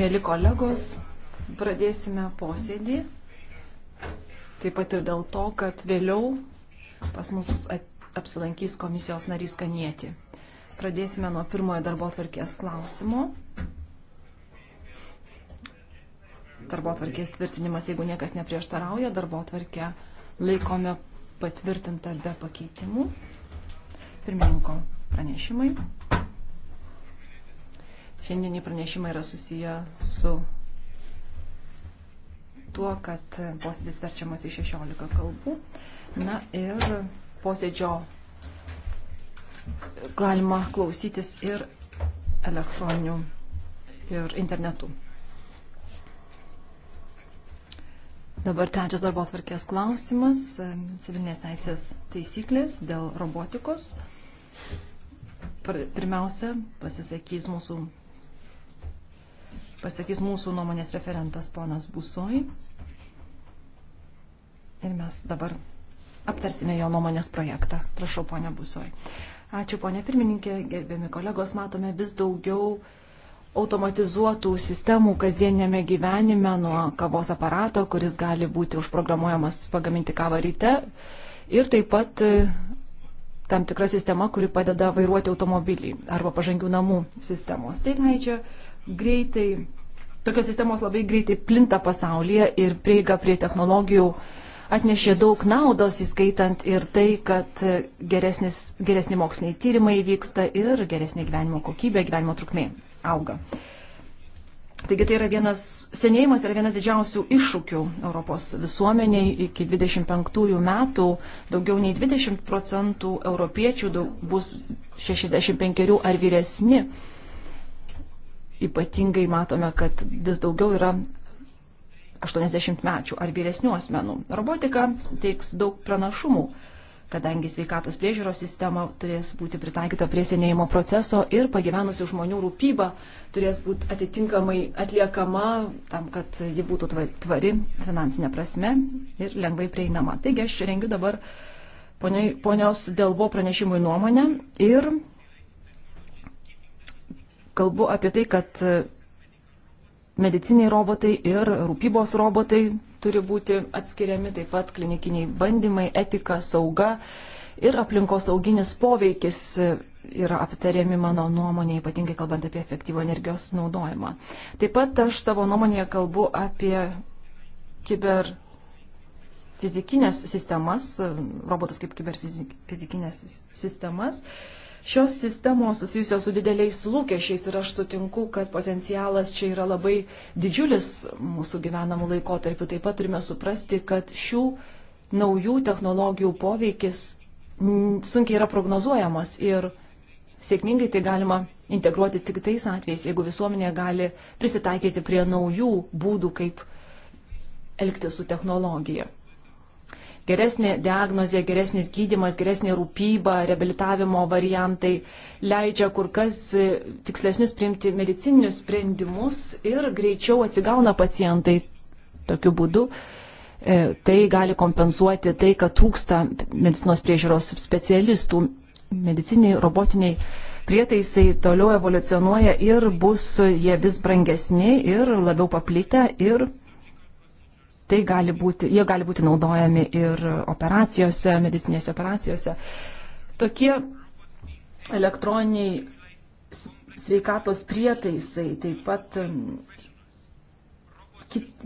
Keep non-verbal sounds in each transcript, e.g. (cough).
Mėly kolegos, pradėsime posėdį. Taip pat ir dėl to, kad vėliau pas mus apsilankys komisijos narys Kanieti. Pradėsime nuo pirmojo darbo atvarkės klausimo. Darbo atvarkės tvirtinimas, jeigu niekas neprieštarauja, darbo atvarkę laikome patvirtintą be pakeitimų. Pirmininko pranešimai. Šiandienį pranešimai yra susiję su tuo, kad posėdis verčiamas į 16 kalbų. Na ir posėdžio galima klausytis ir elektroniniu, ir internetu. Dabar trečias darbo atvarkės klausimas - civilinės teisės taisyklės dėl robotikos. Pirmiausia, pasisakys mūsų, pasisakys mūsų nuomonės referentas ponas Busoj. Ir mes dabar aptarsime jo nuomonės projektą. Prašau, ponia Busoj. Ačiū, ponia pirmininkė, gerbiami kolegos, matome vis daugiau automatizuotų sistemų kasdienėme gyvenime nuo kavos aparato, kuris gali būti užprogramuojamas pagaminti kavą ryte. Ir taip pat tam tikra sistema, kuri padeda vairuoti automobilį arba pažangių namų sistemos. Tai leidžia greitai, tokios sistemos labai greitai plinta pasaulyje ir prieiga prie technologijų atnešė daug naudos, įskaitant ir tai, kad geresnis, geresni moksliniai tyrimai vyksta ir geresnė gyvenimo kokybė, gyvenimo trukmė auga. Taigi tai yra vienas, senėjimas yra vienas didžiausių iššūkių Europos visuomeniai. Iki 25 metų daugiau nei 20 procentų europiečių daug, bus 65 ar vyresni. Ypatingai matome, kad vis daugiau yra 80 mečių ar vyresnių asmenų. Robotika suteiks daug pranašumų kadangi sveikatos priežiūros sistema turės būti pritaikyta prie senėjimo proceso ir pagyvenusių žmonių rūpyba turės būti atitinkamai atliekama tam, kad ji būtų tvari finansinė prasme ir lengvai prieinama. Taigi aš rengiu dabar ponios Delvo pranešimui nuomonę ir kalbu apie tai, kad mediciniai robotai ir rūpybos robotai turi būti atskiriami, taip pat klinikiniai bandymai, etika, sauga ir aplinkosauginis poveikis yra aptariami mano nuomonė, ypatingai kalbant apie efektyvų energijos naudojimą. Taip pat aš savo nuomonėje kalbu apie kiber fizikinės sistemas, robotus kaip kiberfizikinės sistemas Šios sistemos susijusios su dideliais lūkesčiais ir aš sutinku, kad potencialas čia yra labai didžiulis mūsų gyvenamų laikotarpių. Taip pat turime suprasti, kad šių naujų technologijų poveikis sunkiai yra prognozuojamas ir sėkmingai tai galima integruoti tik tais atvejais, jeigu visuomenė gali prisitaikyti prie naujų būdų, kaip elgtis su technologija. Geresnė diagnozė, geresnis gydimas, geresnė rūpyba, reabilitavimo variantai leidžia kur kas e, tikslesnius priimti medicininius sprendimus ir greičiau atsigauna pacientai tokiu būdu. E, tai gali kompensuoti tai, kad trūksta medicinos priežiūros specialistų. Mediciniai robotiniai prietaisai toliau evoliucionuoja ir bus e, jie vis brangesni ir labiau paplitę ir tai gali būti, jie gali būti naudojami ir operacijose, medicinėse operacijose. Tokie elektroniniai sveikatos prietaisai, taip pat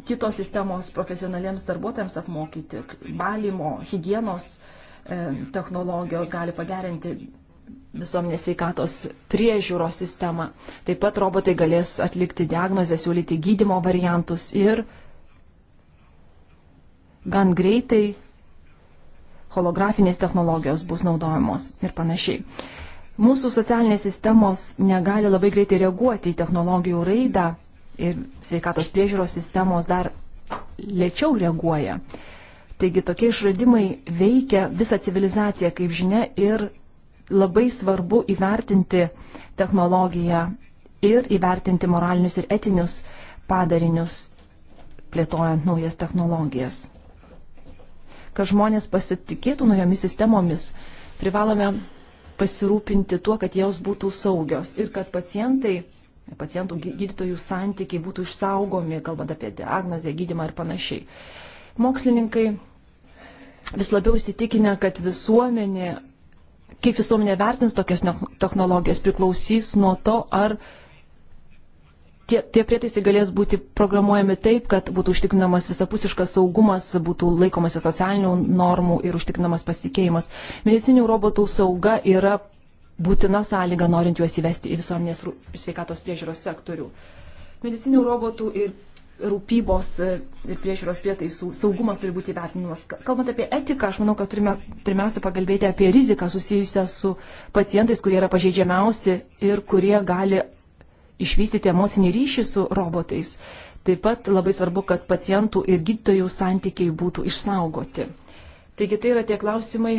kitos sistemos profesionaliems darbuotojams apmokyti, valymo, hygienos technologijos gali pagerinti visuomenės sveikatos priežiūros sistemą. Taip pat robotai galės atlikti diagnozę, siūlyti gydimo variantus ir uh, gan greitai holografinės technologijos bus naudojamos ir panašiai. Mūsų socialinės sistemos negali labai greitai reaguoti į technologijų raidą ir sveikatos priežiūros sistemos dar lėčiau reaguoja. Taigi tokie išradimai veikia visą civilizaciją, kaip žinia, ir labai svarbu įvertinti technologiją ir įvertinti moralinius ir etinius padarinius plėtojant naujas technologijas kad žmonės pasitikėtų naujomis sistemomis, privalome pasirūpinti tuo, kad jos būtų saugios ir kad pacientai, pacientų gydytojų santykiai būtų išsaugomi, kalbant apie diagnozę, gydimą ir panašiai. Mokslininkai vis labiau įsitikinę, kad visuomenė, kaip visuomenė vertins tokias technologijas, priklausys nuo to, ar tie, tie prietaisai galės būti programuojami taip, kad būtų užtikrinamas visapusiškas saugumas, būtų laikomasi socialinių normų ir užtikrinamas pasitikėjimas. Medicinių robotų sauga yra būtina sąlyga, norint juos įvesti į visuomenės sveikatos priežiūros sektorių. Medicinių robotų ir rūpybos e, ir priežiūros prietaisų saugumas turi būti vertinimas. Kalbant apie etiką, aš manau, kad turime pirmiausia pagalbėti apie riziką susijusią su pacientais, kurie yra pažeidžiamiausi ir kurie gali išvystyti emocinį ryšį su robotais. Taip pat labai svarbu, kad pacientų ir gydytojų santykiai būtų išsaugoti. Taigi tai yra tie klausimai,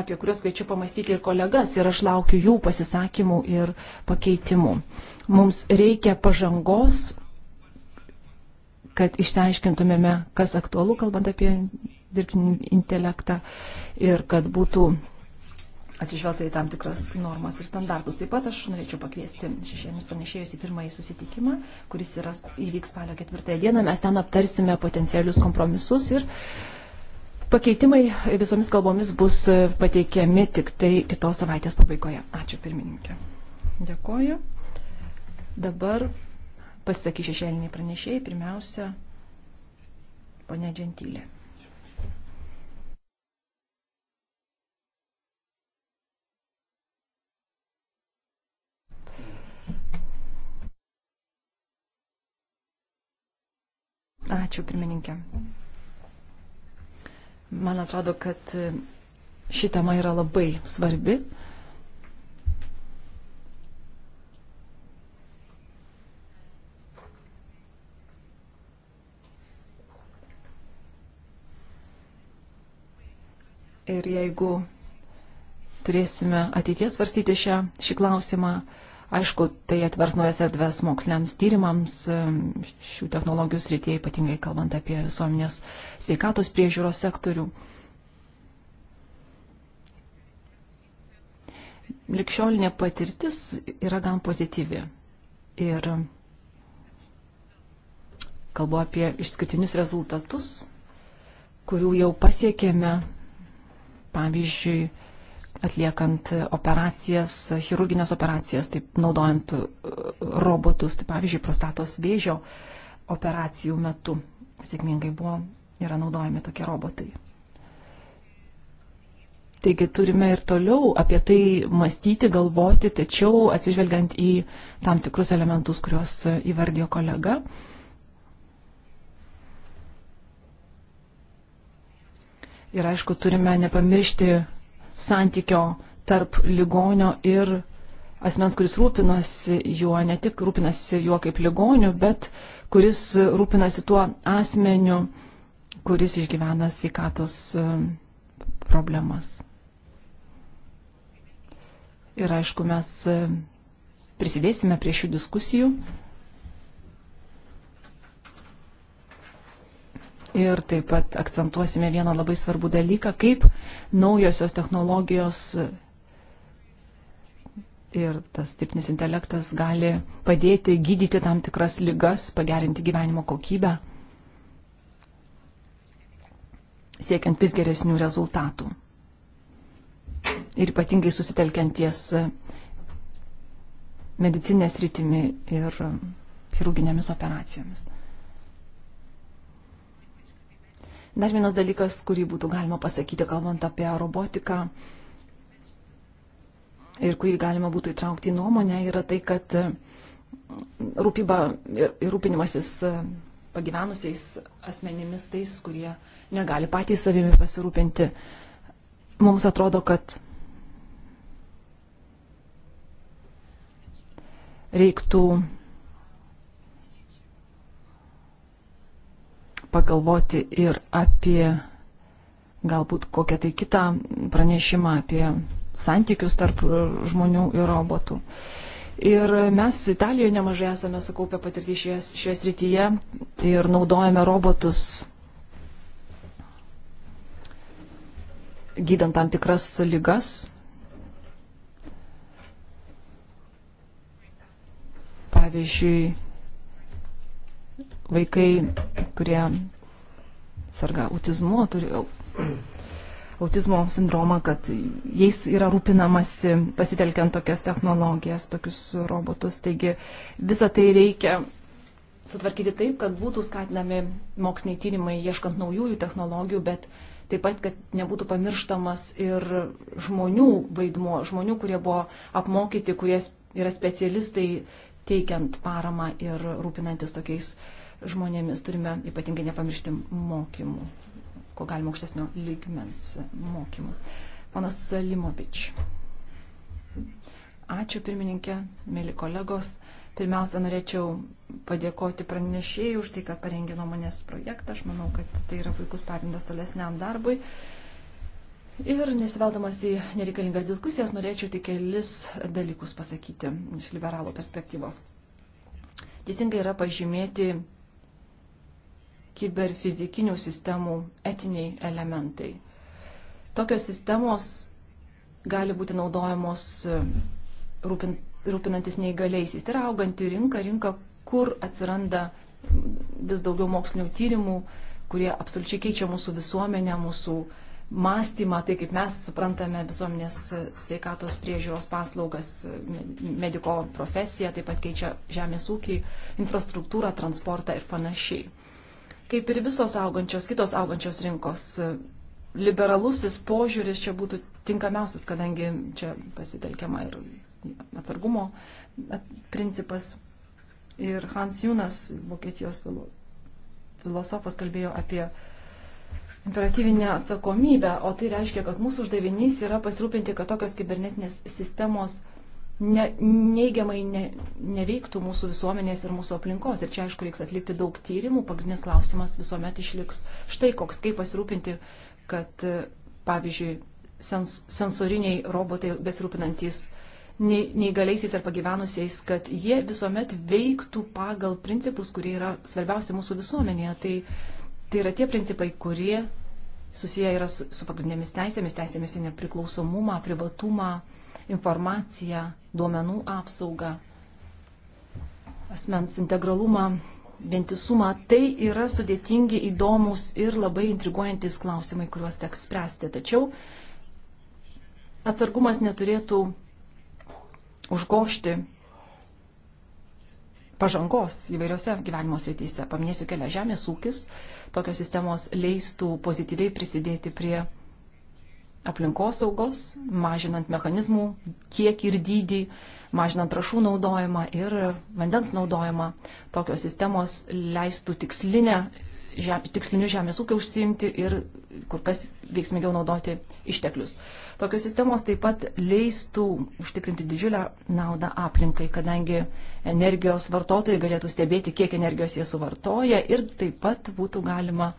apie kuriuos kviečiu pamastyti ir kolegas, ir aš laukiu jų pasisakymų ir pakeitimų. Mums reikia pažangos, kad išsiaiškintumėme, kas aktualu, kalbant apie dirbtinį intelektą, ir kad būtų atsižvelgta į tam tikras normas ir standartus. Taip pat aš norėčiau pakviesti šešėlius pranešėjus į pirmąjį susitikimą, kuris yra, įvyks spalio ketvirtąją dieną. Mes ten aptarsime potencialius kompromisus ir pakeitimai visomis kalbomis bus pateikiami tik tai kitos savaitės pabaigoje. Ačiū pirmininkė. Dėkoju. Dabar pasisakys šešėliniai pranešėjai. Pirmiausia, ponia Džentilė. Ačiū, pirmininkė. Man atrodo, kad ši tema yra labai svarbi. Ir jeigu turėsime ateities svarstyti šią, šį klausimą, Aišku, tai atvers naujas erdves moksliniams tyrimams šių technologijų srityje, ypatingai kalbant apie visuomenės sveikatos priežiūros sektorių. Likščiolinė patirtis yra gan pozityvi. Ir kalbu apie išskirtinius rezultatus, kurių jau pasiekėme, pavyzdžiui, atliekant operacijas, chirurginės operacijas, taip naudojant uh, robotus, tai pavyzdžiui, prostatos vėžio operacijų metu sėkmingai buvo, yra naudojami tokie robotai. Taigi turime ir toliau apie tai mąstyti, galvoti, tačiau atsižvelgiant į tam tikrus elementus, kuriuos įvardijo kolega. Ir aišku, turime nepamiršti santykio tarp ligonio ir asmens, kuris rūpinasi juo, ne tik rūpinasi juo kaip ligoniu, bet kuris rūpinasi tuo asmeniu, kuris išgyvena sveikatos e, problemas. Ir aišku, mes e, prisidėsime prie šių diskusijų. Ir taip pat akcentuosime vieną labai svarbų dalyką, kaip naujosios technologijos ir tas dirbtinis intelektas gali padėti gydyti tam tikras lygas, pagerinti gyvenimo kokybę, siekiant vis geresnių rezultatų. Ir ypatingai susitelkiant ties medicinės rytimi ir chirurginėmis operacijomis. Dar vienas dalykas, kurį būtų galima pasakyti, kalbant apie robotiką ir kurį galima būtų įtraukti į nuomonę, yra tai, kad e, rūpyba ir rūpinimasis e, pagyvenusiais asmenimis, tais, kurie negali patys savimi pasirūpinti, mums atrodo, kad reiktų pagalvoti ir apie galbūt kokią tai kitą pranešimą apie santykius tarp žmonių ir robotų. Ir mes Italijoje nemažai esame sukaupę patirtį šioje, šioje srityje ir naudojame robotus gydant tam tikras lygas. Pavyzdžiui, vaikai, kurie sarga autizmu, turi autizmo sindromą, kad jais yra rūpinamasi pasitelkiant tokias technologijas, tokius robotus. Taigi visą tai reikia sutvarkyti taip, kad būtų skatinami moksliniai tyrimai ieškant naujųjų technologijų, bet taip pat, kad nebūtų pamirštamas ir žmonių vaidmuo, žmonių, kurie buvo apmokyti, kurie yra specialistai teikiant paramą ir rūpinantis tokiais uh, žmonėmis. Turime ypatingai nepamiršti mokymų, ko galima aukštesnio lygmens mokymų. Panas Limovič. Ačiū pirmininkė, mėly kolegos. Pirmiausia, norėčiau padėkoti pranešėjai už tai, kad parengė nuomonės projektą. Aš manau, kad tai yra puikus pagrindas tolesniam darbui. Ir nesiveldamas į nereikalingas diskusijas, norėčiau tik kelis dalykus pasakyti iš liberalų perspektyvos. Teisingai yra pažymėti kiberfizikinių sistemų etiniai elementai. Tokios sistemos gali būti naudojamos e, rūpin, rūpinantis neįgaliaisiais. Tai yra auganti rinka, rinka, kur atsiranda vis daugiau mokslinių tyrimų, kurie absoliučiai keičia mūsų visuomenę, mūsų mąstymą, tai kaip mes suprantame visuomenės sveikatos priežiūros paslaugas, mediko profesiją, taip pat keičia žemės ūkį, infrastruktūrą, transportą ir panašiai kaip ir visos augančios, kitos augančios rinkos. Liberalusis požiūris čia būtų tinkamiausias, kadangi čia pasitelkiama ir atsargumo principas. Ir Hans Junas, Vokietijos filosofas, kalbėjo apie imperatyvinę atsakomybę, o tai reiškia, kad mūsų uždavinys yra pasirūpinti, kad tokios kibernetinės sistemos ne, neigiamai ne, neveiktų mūsų visuomenės ir mūsų aplinkos. Ir čia, aišku, reiks atlikti daug tyrimų. Pagrindinis klausimas visuomet išliks štai koks, kaip pasirūpinti, kad, pavyzdžiui, sens, sensoriniai robotai besirūpinantis neįgaliaisiais ar pagyvenusiais, kad jie visuomet veiktų pagal principus, kurie yra svarbiausia mūsų visuomenėje. Tai, tai yra tie principai, kurie susiję yra su, su pagrindinėmis teisėmis, teisėmis į nepriklausomumą, privatumą, uh, informaciją, duomenų apsaugą, asmens integralumą, vientisumą. Tai yra sudėtingi, įdomus ir labai intriguojantis klausimai, kuriuos teks spręsti. Tačiau atsargumas neturėtų užgošti pažangos įvairiose gyvenimo srityse. Paminėsiu kelią žemės ūkis. Tokios sistemos leistų pozityviai prisidėti prie aplinkosaugos, mažinant mechanizmų kiekį ir dydį, mažinant trašų naudojimą ir vandens naudojimą. Tokios sistemos leistų tikslinę, žem, tiksliniu žemės ūkio užsiimti ir kur kas veiksmingiau naudoti išteklius. Tokios sistemos taip pat leistų užtikrinti didžiulę naudą aplinkai, kadangi energijos vartotojai galėtų stebėti, kiek energijos jie suvartoja ir taip pat būtų galima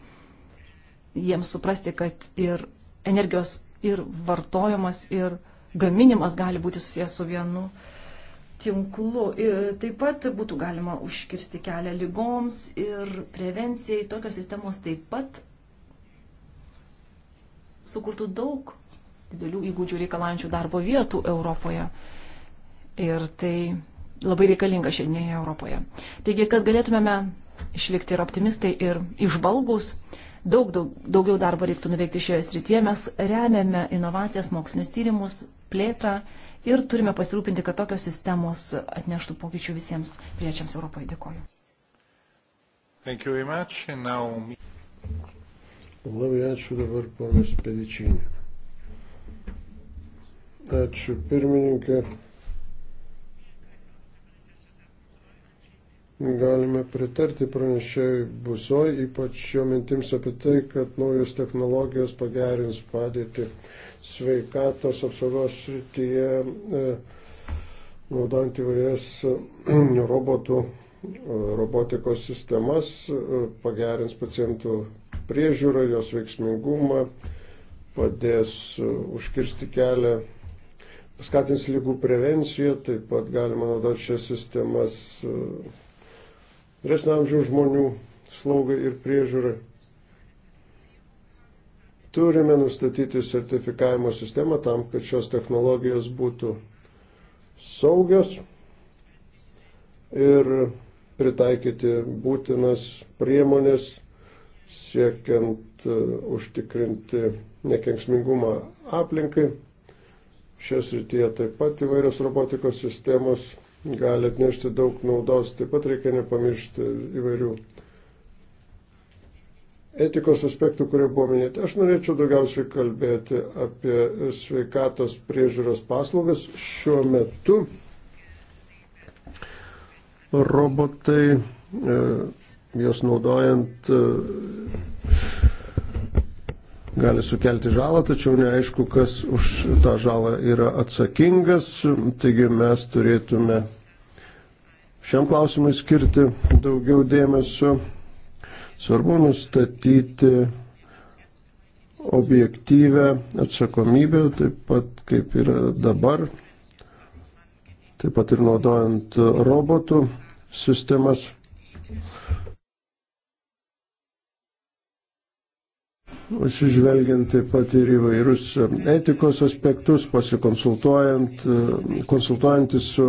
jiems suprasti, kad ir energijos ir vartojimas, ir gaminimas gali būti susijęs su vienu tinklu. Taip pat būtų galima užkirsti kelią lygoms ir prevencijai. Tokios sistemos taip pat sukurtų daug didelių įgūdžių reikalaujančių darbo vietų Europoje. Ir tai labai reikalinga šiandienėje Europoje. Taigi, kad galėtumėme išlikti ir optimistai, ir išvalgus, daug, daug daugiau darbo reiktų nuveikti šioje srityje. Mes remiame inovacijas, mokslinius tyrimus, plėtrą ir turime pasirūpinti, kad tokios sistemos atneštų pokyčių visiems priečiams Europoje. Dėkoju. Now... Labai ačiū dabar ponas Pedičinė. Ačiū pirmininkė. galime pritarti pranešėjai busoj, ypač jo mintims apie tai, kad naujos technologijos pagerins padėti sveikatos apsaugos srityje, e, naudojant įvairias e, robotų, e, robotikos sistemas, e, pagerins pacientų priežiūrą, jos veiksmingumą, padės e, užkirsti kelią paskatins lygų prevenciją, taip pat galima naudoti šias sistemas vyresnio amžiaus žmonių slaugai ir priežiūrai. Turime nustatyti sertifikavimo sistemą tam, kad šios technologijos būtų saugios ir pritaikyti būtinas priemonės siekiant e, užtikrinti nekenksmingumą aplinkai. Šias rytyje taip pat įvairios robotikos sistemos gali atnešti daug naudos. Taip pat reikia nepamiršti įvairių etikos aspektų, kurie buvo minėti. Aš norėčiau daugiausiai kalbėti apie sveikatos priežiūros paslaugas. Šiuo metu robotai, e, juos naudojant, e, gali sukelti žalą, tačiau neaišku, kas už tą žalą yra atsakingas. Taigi mes turėtume šiam klausimui skirti daugiau dėmesio. Svarbu nustatyti objektyvę atsakomybę, taip pat kaip yra dabar, taip pat ir naudojant robotų sistemas. atsižvelgiant taip pat ir įvairius e, etikos aspektus, pasikonsultuojant, e, konsultuojantis su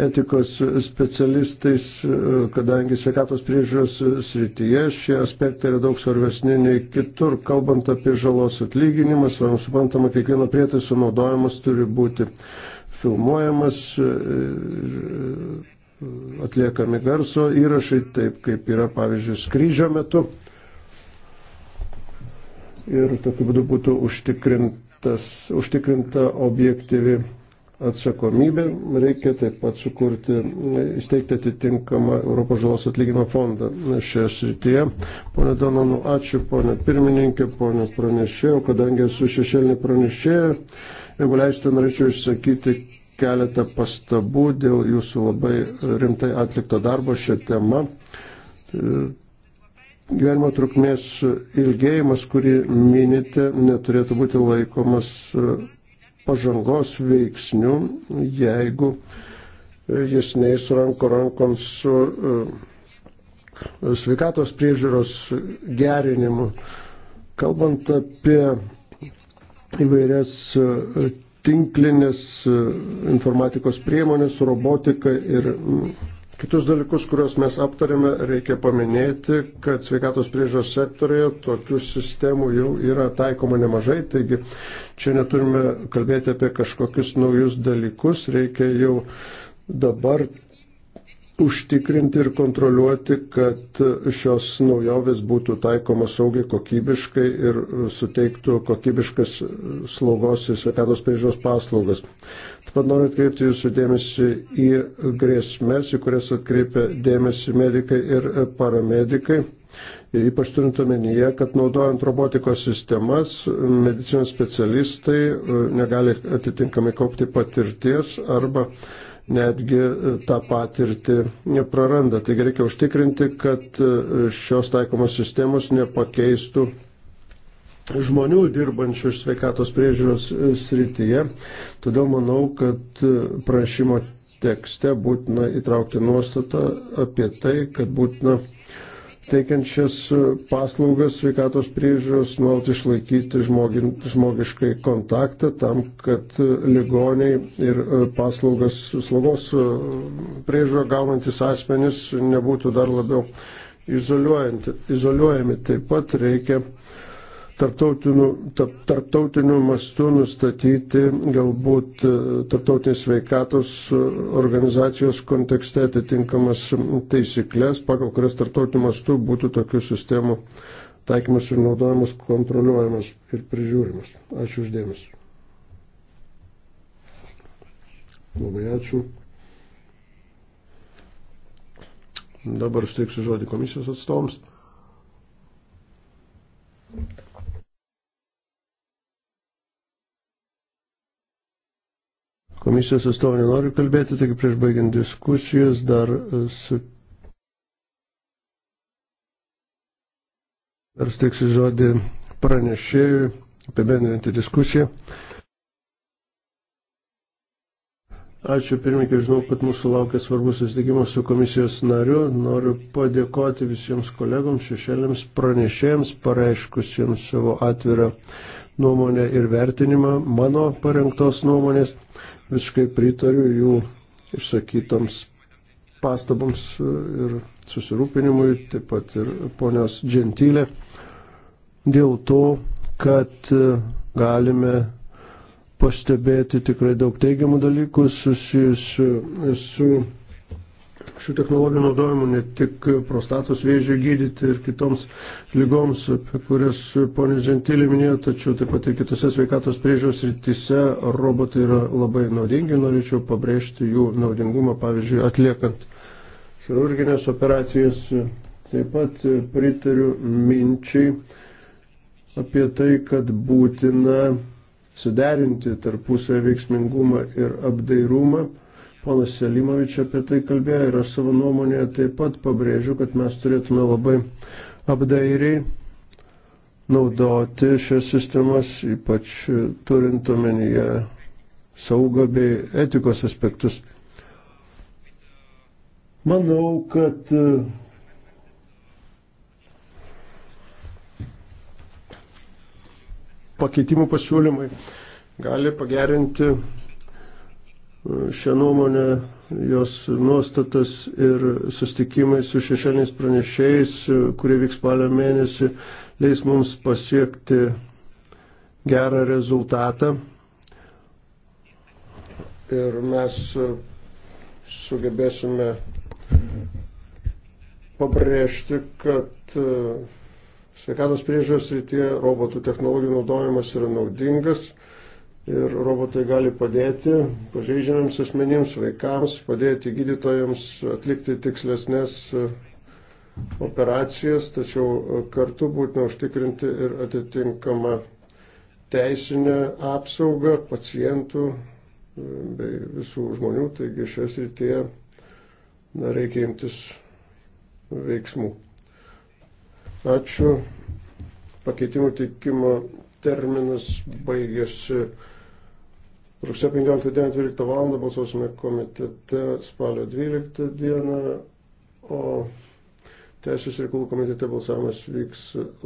etikos specialistais, e, kadangi sveikatos priežiūros srityje šie aspektai yra daug svarbesni nei kitur, kalbant apie žalos atlyginimą, savams suprantama, kiekvieno prietaiso naudojimas turi būti filmuojamas, atliekami garso įrašai, taip kaip yra, pavyzdžiui, skrydžio metu ir tokiu būdu būtų užtikrinta objektyvi atsakomybė. Reikia taip pat sukurti, įsteigti atitinkamą Europos žalos atlygimo fondą šioje srityje. Pone Donanu, ačiū, pone pirmininkė, pone pranešėjo, kadangi esu šešėlinė pranešėja, jeigu leisite, norėčiau išsakyti keletą pastabų dėl jūsų labai rimtai atlikto darbo šią temą gyvenimo trukmės ilgėjimas, kurį minite, neturėtų būti laikomas e, pažangos veiksniu, jeigu e, jis neis ranko rankon su e, sveikatos priežiūros gerinimu. Kalbant apie įvairias tinklinės informatikos priemonės, robotiką ir Kitus dalykus, kuriuos mes aptarėme, reikia paminėti, kad sveikatos priežos sektorėje tokių sistemų jau yra taikoma nemažai, taigi čia neturime kalbėti apie kažkokius naujus dalykus, reikia jau dabar užtikrinti ir kontroliuoti, kad šios naujovės būtų taikomos saugiai kokybiškai ir suteiktų kokybiškas slaugos ir sveikatos priežiūros paslaugas. Taip pat noriu atkreipti jūsų dėmesį į grėsmės, į kurias atkreipia dėmesį medikai ir paramedikai. Ypač turint omenyje, kad naudojant robotikos sistemas, medicinos specialistai e, negali atitinkamai kaupti patirties arba netgi e, tą patirtį praranda. Taigi reikia užtikrinti, kad e, šios taikomos sistemos nepakeistų žmonių dirbančių iš sveikatos priežiūros e, srityje. Todėl manau, kad e, prašymo tekste būtina įtraukti nuostatą apie tai, kad būtina teikiančias e, paslaugas sveikatos priežiūros nuolat išlaikyti žmogin, žmogiškai kontaktą tam, kad ligoniai ir paslaugas slaugos priežiūro gaunantis asmenys nebūtų dar labiau izoliuojami. Taip pat reikia tarptautiniu, tarp, tarptautiniu mastu nustatyti galbūt e, tarptautinės veikatos organizacijos kontekste atitinkamas taisyklės, pagal kurias tarptautiniu mastu būtų tokių sistemų taikymas ir naudojimas kontroliuojamas ir prižiūrimas. Ačiū uždėmesi. Labai ačiū. Dabar steiksiu žodį komisijos atstovams. Thank you. Komisijos atstovai nenori kalbėti, taigi prieš baigiant diskusijas dar e, su. Dar stiksiu žodį pranešėjui apibendrinti diskusiją. Ačiū pirmininkai, žinau, kad mūsų laukia svarbus susitikimas su komisijos nariu. Noriu padėkoti visiems kolegoms, šešėlėms, pranešėjams, pareiškusiems savo atvirą nuomonę ir vertinimą mano parengtos nuomonės. Visiškai pritariu jų išsakytoms pastaboms ir susirūpinimui, taip pat ir ponios Džentylė, dėl to, kad galime pastebėti tikrai daug teigiamų dalykų susijusių su, su šių technologijų naudojimu ne tik prostatos vėžio gydyti ir kitoms lygoms, apie kurias ponė Džentilė minėjo, tačiau taip pat ir kitose sveikatos priežiūros rytise robotai yra labai naudingi, norėčiau pabrėžti jų naudingumą, pavyzdžiui, atliekant chirurginės operacijas. Taip pat pritariu minčiai apie tai, kad būtina suderinti tarpusą veiksmingumą ir apdairumą Ponas Selimovič apie tai kalbėjo ir aš savo nuomonėje taip pat pabrėžiu, kad mes turėtume labai apdairiai naudoti šias sistemas, ypač turint omenyje saugą bei etikos aspektus. Manau, kad e, pakeitimų pasiūlymai gali pagerinti šią nuomonę, jos nuostatas ir sustikimai su šešėliniais pranešėjais, kurie vyks spalio mėnesį, leis mums pasiekti gerą rezultatą. Ir mes sugebėsime pabrėžti, kad e, sveikatos priežiūros rytyje robotų technologijų naudojimas yra naudingas ir robotai gali padėti pažeidžiamiams asmenims, vaikams, padėti gydytojams atlikti tikslesnės uh, operacijas, tačiau uh, kartu būtina užtikrinti ir atitinkamą teisinę apsaugą pacientų uh, bei visų žmonių, taigi šioje srityje reikia imtis veiksmų. Ačiū. Pakeitimų teikimo terminas baigėsi Rugsėjo 15 dieną 12 val. balsuosime komitete spalio 12 dieną, o Teisės reikalų komitete balsavimas vyks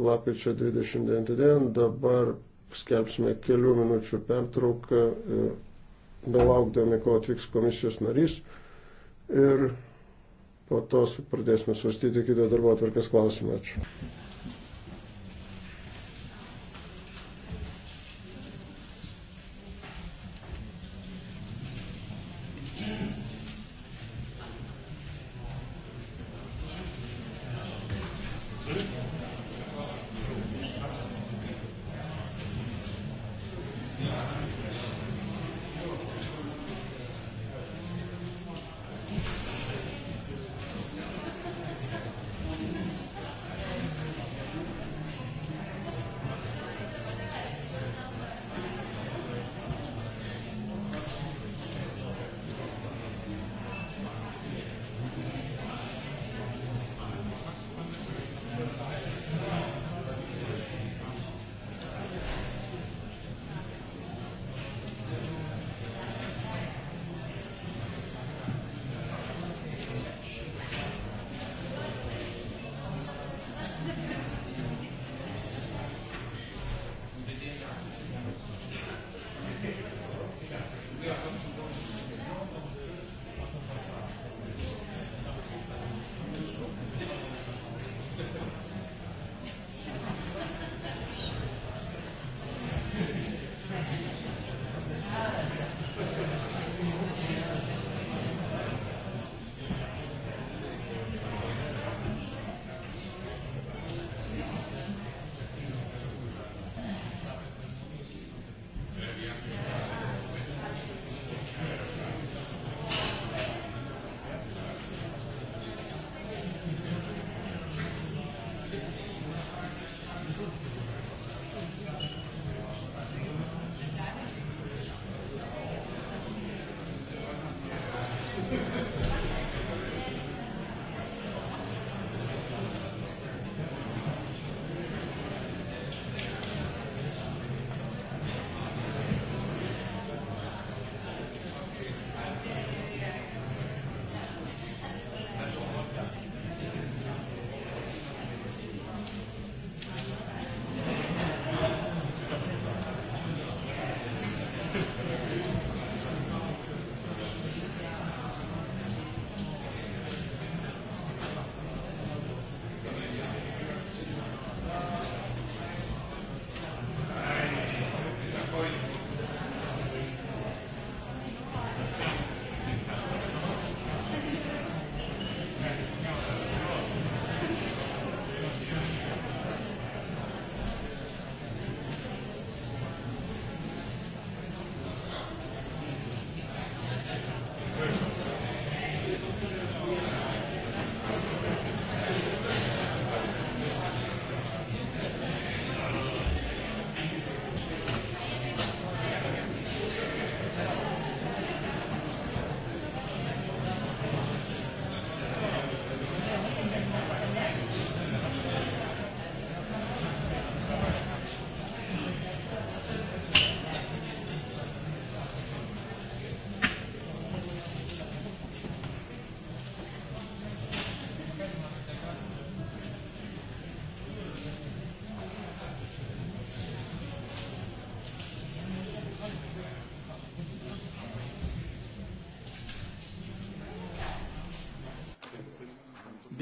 lapkričio 29 dieną. Dabar skelbsime kelių minučių pertrauką, e, belaukdami, kol atvyks komisijos narys. Ir po to pradėsime svarstyti kitą darbo atvarkės klausimą. Ačiū.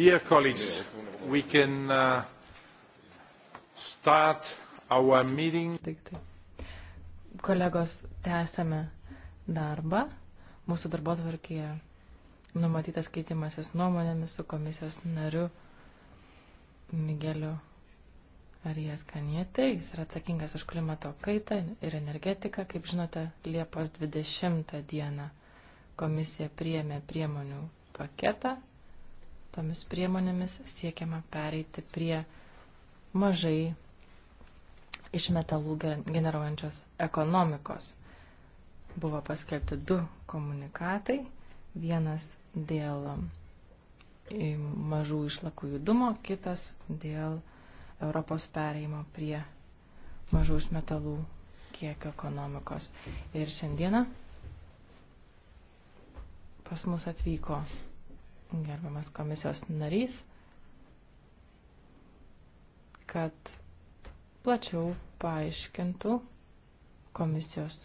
Dear colleagues, we can uh, start our meeting. Taip, taip. Kolegos, tęsame darbą. Mūsų darbo tvarkėje numatytas keitimasis nuomonėmis su komisijos nariu Migeliu Arijas Kanietė. Jis yra atsakingas už klimato kaitą ir energetiką, kaip žinote, Liepos 20 dieną komisija priėmė priemonių paketą Tomis priemonėmis siekiama pereiti prie mažai iš metalų generuojančios ekonomikos. Buvo paskelbti du komunikatai. Vienas dėl um, mažų išlakų judumo, kitas dėl Europos pereimo prie mažų iš metalų kiekio ekonomikos. Ir šiandieną pas mus atvyko gerbiamas komisijos narys, kad plačiau paaiškintų komisijos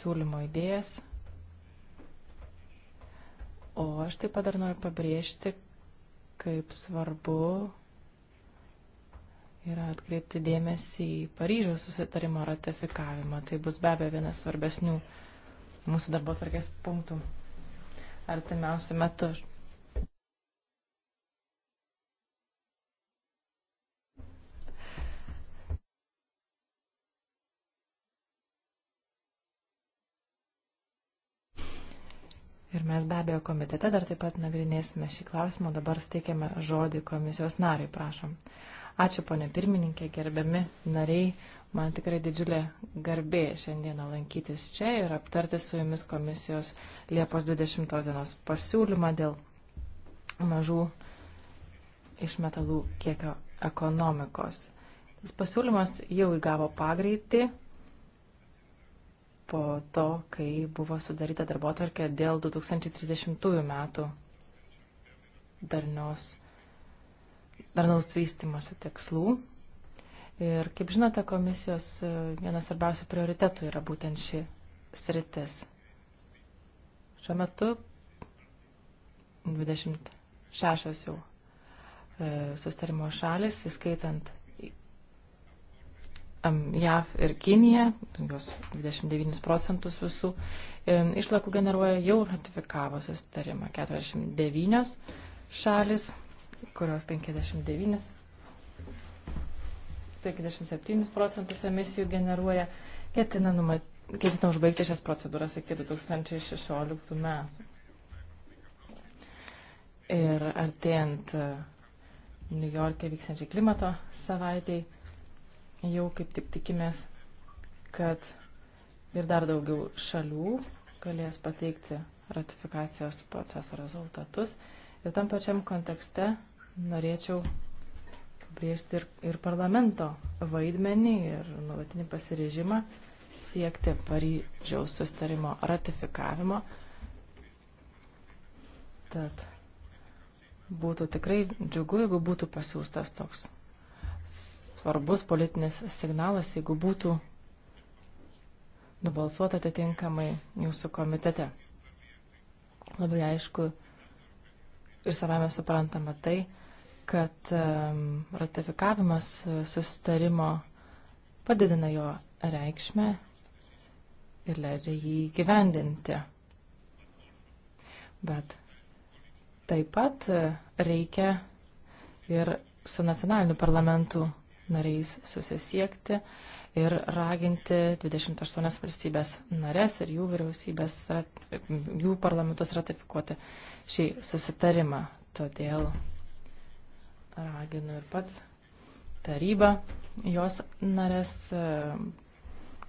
siūlymo idėjas. O aš taip pat dar noriu pabrėžti, kaip svarbu yra atkreipti dėmesį į Paryžiaus susitarimo ratifikavimą. Tai bus be abejo vienas svarbesnių mūsų darbo tvarkės punktų artimiausių metų. Ir mes be abejo komitete dar taip pat nagrinėsime šį klausimą. Dabar steikiame žodį komisijos nariai, prašom. Ačiū, ponė pirmininkė, gerbiami nariai. Man tikrai didžiulė garbė šiandieną lankytis čia ir aptarti su jumis komisijos Liepos 20 dienos pasiūlymą dėl mažų išmetalų kiekio ekonomikos. Tas pasiūlymas jau įgavo pagreitį po to, kai buvo sudaryta darbotvarkė dėl 2030 metų darnios, darnaus vystimosi tikslų. Ir kaip žinote, komisijos e, vienas svarbiausių prioritetų yra būtent ši sritis. Šiuo metu 26 jau e, sustarimo šalis, įskaitant JAV ir Kinija, jos 29 procentus visų e, išlakų generuoja, jau ratifikavo sustarimą 49 šalis, kurios 59 57 procentus emisijų generuoja, ketina, numat... ketina užbaigti šias procedūras iki 2016 metų. Ir artėjant e, New York'e vyksiančiai klimato savaitėjai, jau kaip tik tikimės, kad ir dar daugiau šalių galės pateikti ratifikacijos proceso rezultatus. Ir tam pačiam kontekste norėčiau pabrėžti ir, ir parlamento vaidmenį ir nuolatinį pasirežimą siekti Paryžiaus sustarimo ratifikavimo. Tad būtų tikrai džiugu, jeigu būtų pasiūstas toks svarbus politinis signalas, jeigu būtų nubalsuota atitinkamai jūsų komitete. Labai aišku ir savame suprantama tai, kad ratifikavimas e, susitarimo padidina jo reikšmę ir leidžia jį gyvendinti. Bet taip pat e, reikia ir su nacionaliniu parlamentu nariais susisiekti ir raginti 28 valstybės narės ir jų vyriausybės, jų parlamentus ratifikuoti šį susitarimą. Todėl raginu ir pats tarybą, jos narės e,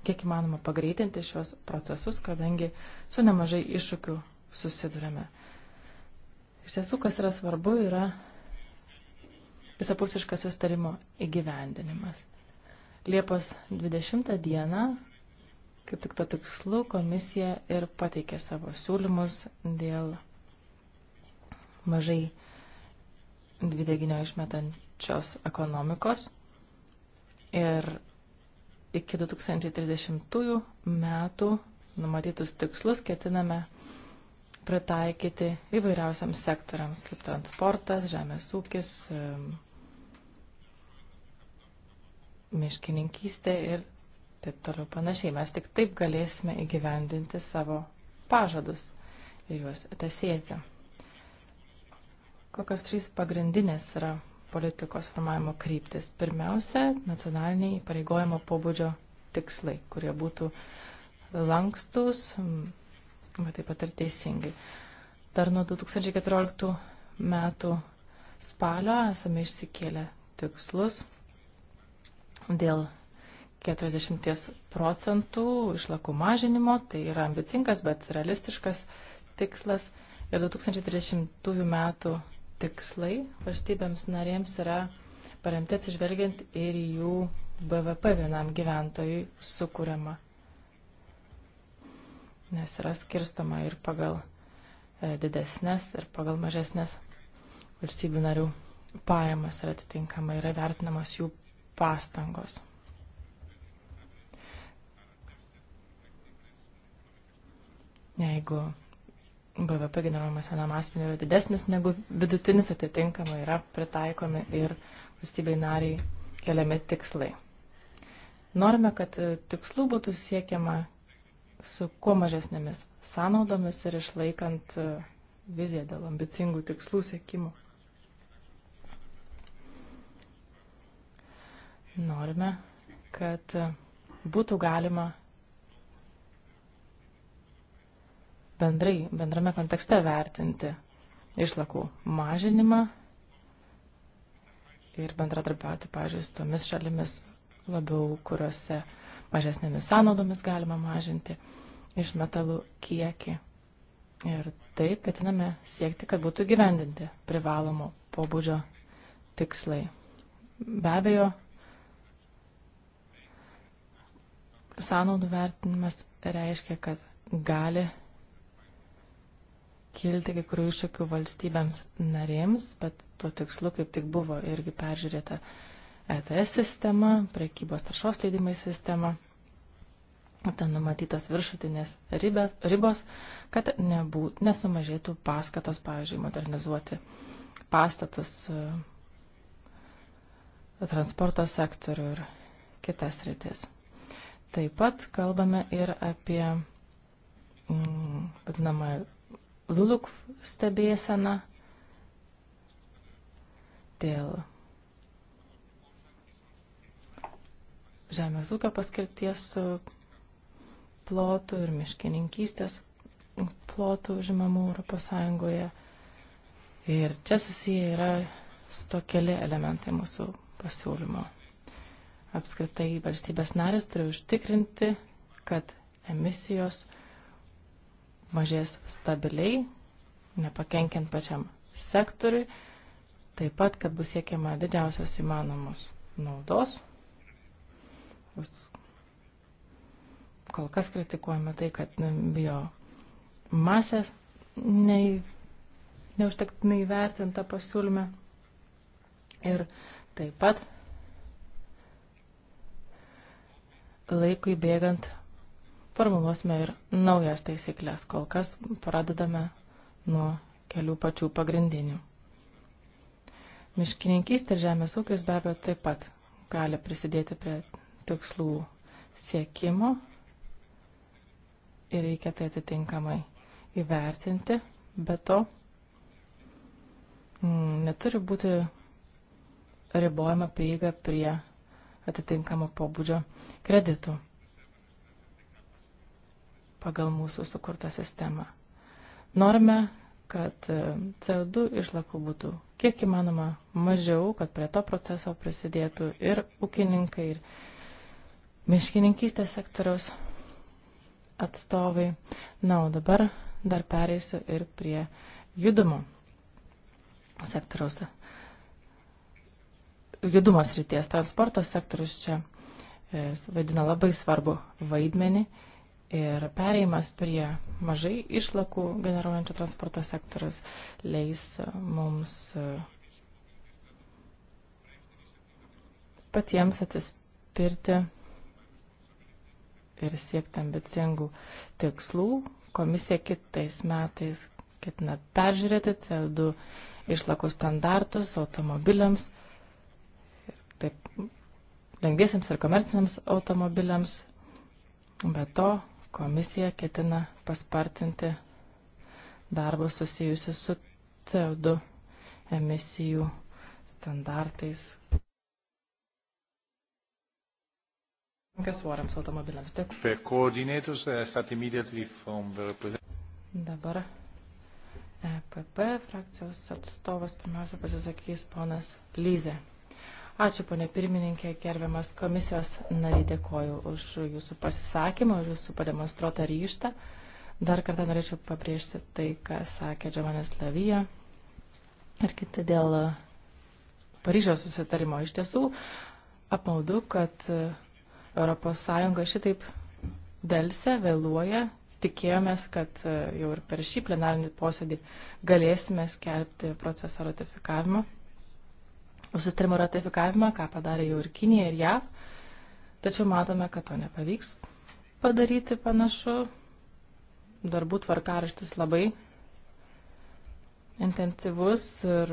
kiek įmanoma pagreitinti šios procesus, kadangi su nemažai iššūkių susidurėme. Iš tiesų, kas yra svarbu, yra visapusiškas sustarimo įgyvendinimas. Liepos 20 dieną, kaip tik to tikslu, komisija ir pateikė savo siūlymus dėl mažai dvideginio išmetančios ekonomikos ir iki 2030 metų numatytus tikslus ketiname pritaikyti įvairiausiams sektoriams, kaip transportas, žemės ūkis, miškininkystė ir taip toliau panašiai. Mes tik taip galėsime įgyvendinti savo pažadus ir juos tesėti kokios trys pagrindinės yra politikos formavimo kryptis. Pirmiausia, nacionaliniai pareigojimo pobūdžio tikslai, kurie būtų lankstus, mm, bet taip pat ir teisingai. Dar nuo 2014 metų spalio esame išsikėlę tikslus dėl 40 procentų išlakų mažinimo. Tai yra ambicingas, bet realistiškas tikslas. Ir 2030 metų tikslai valstybėms narėms yra paremti atsižvelgiant ir jų BVP vienam gyventojui sukūriama. Nes yra skirstoma ir pagal e, didesnės, ir pagal mažesnės valstybių narių pajamas ir atitinkamai yra vertinamas jų pastangos. Jeigu BVP generuojamas vienam asmeniu yra didesnis negu vidutinis, atitinkamai yra pritaikomi ir valstybei nariai keliami tikslai. Norime, kad e, tikslų būtų siekiama su kuo mažesnėmis sąnaudomis ir išlaikant e, viziją dėl ambicingų tikslų siekimų. Norime, kad e, būtų galima bendrai, bendrame kontekste vertinti išlakų mažinimą ir bendradarbiauti, pavyzdžiui, su tomis šalimis labiau, kuriuose mažesnėmis sąnaudomis galima mažinti iš metalų kiekį. Ir taip ketiname siekti, kad būtų gyvendinti privalomo pobūdžio tikslai. Be abejo, sąnaudų vertinimas reiškia, kad gali kilti kai kurių iššūkių valstybėms narėms, bet tuo tikslu kaip tik buvo irgi peržiūrėta ETS sistema, prekybos taršos leidimai sistema, ten numatytos viršutinės ribės, ribos, kad nebū, nesumažėtų paskatos, pavyzdžiui, modernizuoti pastatus, e, transporto sektorių ir kitas rytis. Taip pat kalbame ir apie mm, vadinamą LULUK stebėsena, dėl žemės ūkio paskirties plotų ir miškininkystės plotų žymamų Europos Sąjungoje. Ir čia susiję yra su keli elementai mūsų pasiūlymo. Apskritai valstybės narės turi užtikrinti, kad emisijos mažės stabiliai, nepakenkiant pačiam sektoriui, taip pat, kad bus siekiama didžiausias įmanomos naudos. Bus kol kas kritikuojame tai, kad bio masės nei, neužtektinai vertinta pasiūlyme. Ir taip pat laikui bėgant formuluosime ir naujas taisyklės. Kol kas pradedame nuo kelių pačių pagrindinių. Miškininkystė ir žemės ūkis be abejo taip pat gali prisidėti prie tikslų siekimo ir reikia tai atitinkamai įvertinti, bet to mm, neturi būti ribojama prieiga prie atitinkamo pobūdžio kreditų pagal mūsų sukurtą sistemą. Norime, kad e, CO2 išlakų būtų kiek įmanoma mažiau, kad prie to proceso prisidėtų ir ūkininkai, ir miškininkystės sektoriaus atstovai. Na, o dabar dar pereisiu ir prie judumo sektoriaus. Judumos ryties transporto sektorius čia e, vaidina labai svarbu vaidmenį ir pereimas prie mažai išlakų generuojančio transporto sektorius leis e, mums e, patiems atsispirti ir siekti ambicingų tikslų. Komisija kitais metais ketina peržiūrėti CO2 išlakų standartus automobiliams, taip lengviesiams ir komerciniams automobiliams. Be to, Komisija ketina paspartinti darbus susijusius su CO2 emisijų standartais. Kas svoriams automobiliams tiek. Dabar EPP frakcijos atstovas pirmiausia pasisakys ponas Lyze. Ačiū, ponė pirmininkė, gerbiamas komisijos nariai, dėkoju už jūsų pasisakymą, už jūsų pademonstruotą ryštą. Dar kartą norėčiau pabrėžti tai, ką sakė Džamanės Lavija ir kiti dėl Paryžiaus susitarimo. Iš tiesų, apmaudu, kad ES šitaip dėlse, vėluoja. Tikėjomės, kad jau ir per šį plenarinį posėdį galėsime skelbti proceso ratifikavimą susitarimo ratifikavimą, ką padarė jau ir Kinija, ir JAV. Tačiau matome, kad to nepavyks padaryti panašu. Darbų tvarkaraštis labai intensyvus ir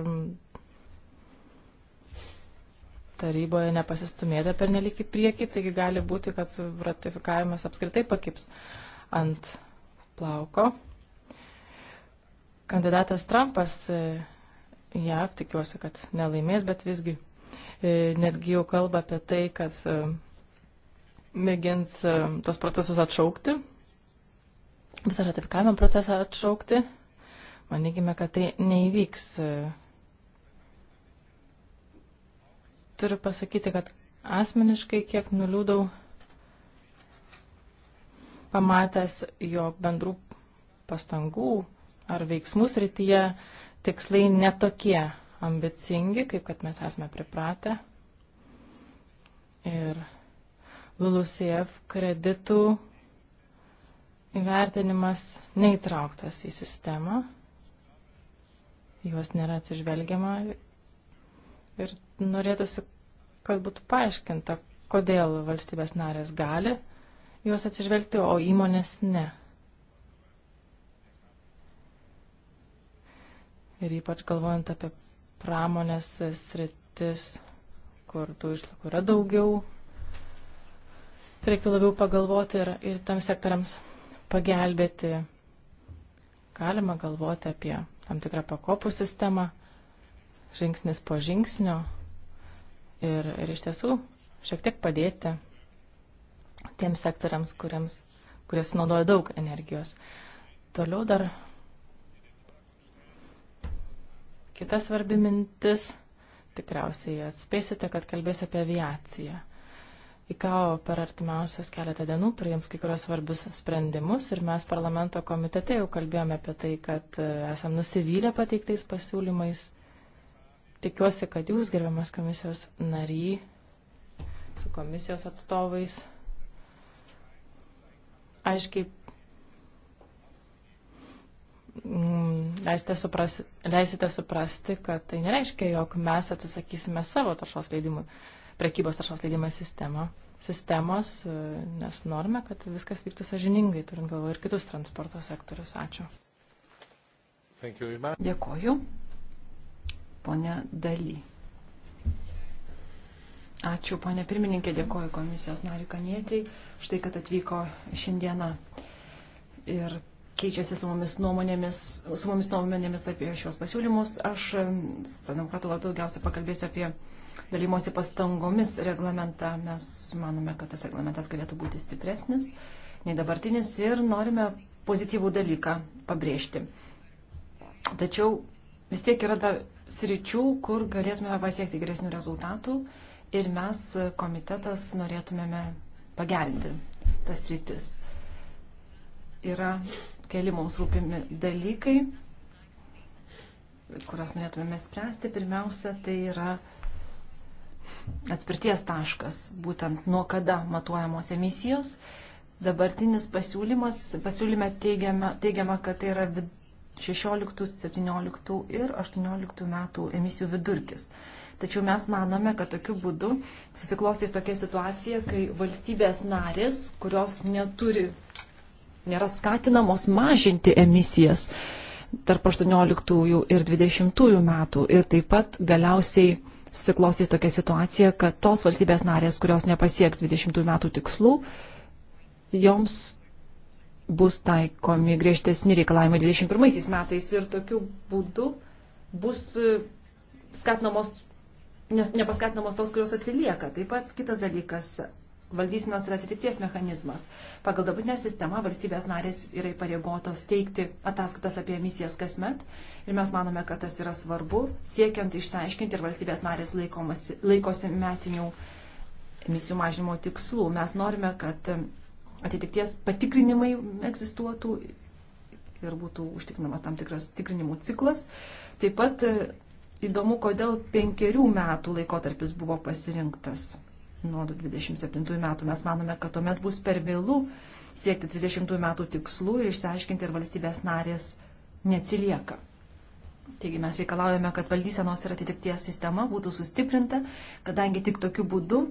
taryboje nepasistumėta per nelik į priekį, taigi gali būti, kad ratifikavimas apskritai pakips ant plauko. Kandidatas Trumpas JAV, tikiuosi, kad nelaimės, bet visgi e, netgi jau kalba apie tai, kad e, mėgins e, tos procesus atšaukti, visą ratifikavimo procesą atšaukti. Manykime, kad tai neįvyks. Turiu pasakyti, kad asmeniškai kiek nuliūdau pamatęs, jog bendrų pastangų ar veiksmų srityje uh, tikslai netokie ambicingi, kaip kad mes esame pripratę. Ir LULUCF kreditų įvertinimas neįtrauktas į sistemą, juos nėra atsižvelgiama ir norėtųsi, kad būtų paaiškinta, kodėl valstybės narės gali juos atsižvelgti, o įmonės ne. ir ypač galvojant apie pramonės sritis, kur tų išlakų yra daugiau, reiktų labiau pagalvoti ir, ir tam sektoriams pagelbėti. Galima galvoti apie tam tikrą pakopų sistemą, žingsnis po žingsnio ir, ir iš tiesų šiek tiek padėti tiems sektoriams, kuriems, kurie sunaudoja daug energijos. Toliau dar Kita svarbi mintis, tikriausiai atspėsite, kad kalbėsiu apie aviaciją. ICAO per artimiausias keletą dienų priims kai kurios svarbius sprendimus ir mes parlamento komitete jau kalbėjome apie tai, kad e, esam nusivylę pateiktais pasiūlymais. Tikiuosi, kad jūs, gerbiamas komisijos nary, su komisijos atstovais aiškiai Mm, leisite suprasti, leisite suprasti, kad tai nereiškia, jog mes atsisakysime savo taršos leidimų, prekybos taršos leidimą sistemą, sistemos, nes norime, kad viskas vyktų sažiningai, turint galvoje ir kitus transporto sektorius. Ačiū. Dėkoju. Pone Daly. Ačiū, ponė pirmininkė, dėkoju komisijos nariu Kanietiai, štai kad atvyko šiandieną ir keičiasi su mumis nuomonėmis, su mumis nuomonėmis apie šios pasiūlymus. Aš, Sanamkratų vardu, daugiausia pakalbėsiu apie dalymosi pastangomis reglamentą. Mes manome, kad tas reglamentas galėtų būti stipresnis nei dabartinis ir norime pozityvų dalyką pabrėžti. Tačiau vis tiek yra dar sričių, kur galėtume pasiekti geresnių rezultatų ir mes e, komitetas norėtumėme pagerinti tas sritis. Yra keli mums rūpimi dalykai, kuriuos norėtumėme spręsti. Pirmiausia, tai yra atspirties taškas, būtent nuo kada matuojamos emisijos. Dabartinis pasiūlymas, pasiūlyme teigiama, teigiama kad tai yra 16, 17 ir 18 metų emisijų vidurkis. Tačiau mes manome, kad tokiu būdu susiklostys tokia situacija, kai valstybės narės, kurios neturi nėra skatinamos mažinti emisijas tarp 18 ir 20 metų. Ir taip pat galiausiai susiklostys tokia situacija, kad tos valstybės narės, kurios nepasieks 20 metų tikslų, joms bus taikomi griežtesni reikalavimai 21 metais ir tokiu būdu bus e, skatinamos, nes nepaskatinamos tos, kurios atsilieka. Taip pat kitas dalykas valdysinos ir atitikties mechanizmas. Pagal dabartinę sistemą valstybės narės yra įpareigotos teikti ataskaitas apie emisijas kasmet ir mes manome, kad tas yra svarbu, siekiant išsiaiškinti ir valstybės narės laikomas, laikosi metinių emisijų mažinimo tikslų. Mes norime, kad atitikties patikrinimai egzistuotų ir būtų užtikrinamas tam tikras tikrinimų ciklas. Taip pat e, įdomu, kodėl penkerių metų laikotarpis buvo pasirinktas nuo 27 metų. Mes manome, kad tuomet bus per vėlų siekti 30 metų tikslų ir išsiaiškinti, ar valstybės narės neatsilieka. Taigi mes reikalaujame, kad valdysenos ir atitikties sistema būtų sustiprinta, kadangi tik tokiu būdu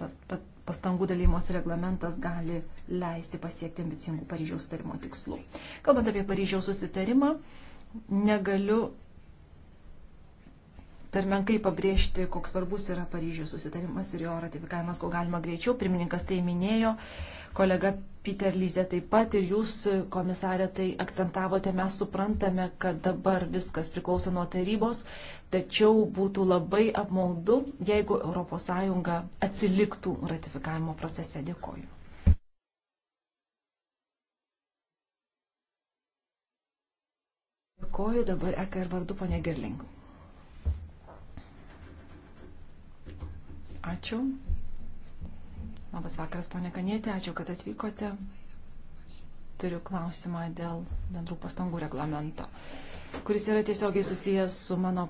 pas, pas, pastangų dalymos reglamentas gali leisti pasiekti ambicingų Paryžiaus sutarimo tikslų. Kalbant apie Paryžiaus susitarimą, negaliu per menkai pabrėžti, koks svarbus yra Paryžiaus susitarimas ir jo ratifikavimas, ko galima greičiau. Pirmininkas tai minėjo, kolega Peter Lyze taip pat ir jūs, komisarė, tai akcentavote. Mes suprantame, kad dabar viskas priklauso nuo tarybos, tačiau būtų labai apmaudu, jeigu ES atsiliktų ratifikavimo procese. Dėkoju. Dėkoju dabar EKR vardu, ponė Gerling. Ačiū. Labas vakaras, ponė Kanietė, ačiū, kad atvykote. Turiu klausimą dėl bendrų pastangų reglamento, kuris yra tiesiogiai susijęs su mano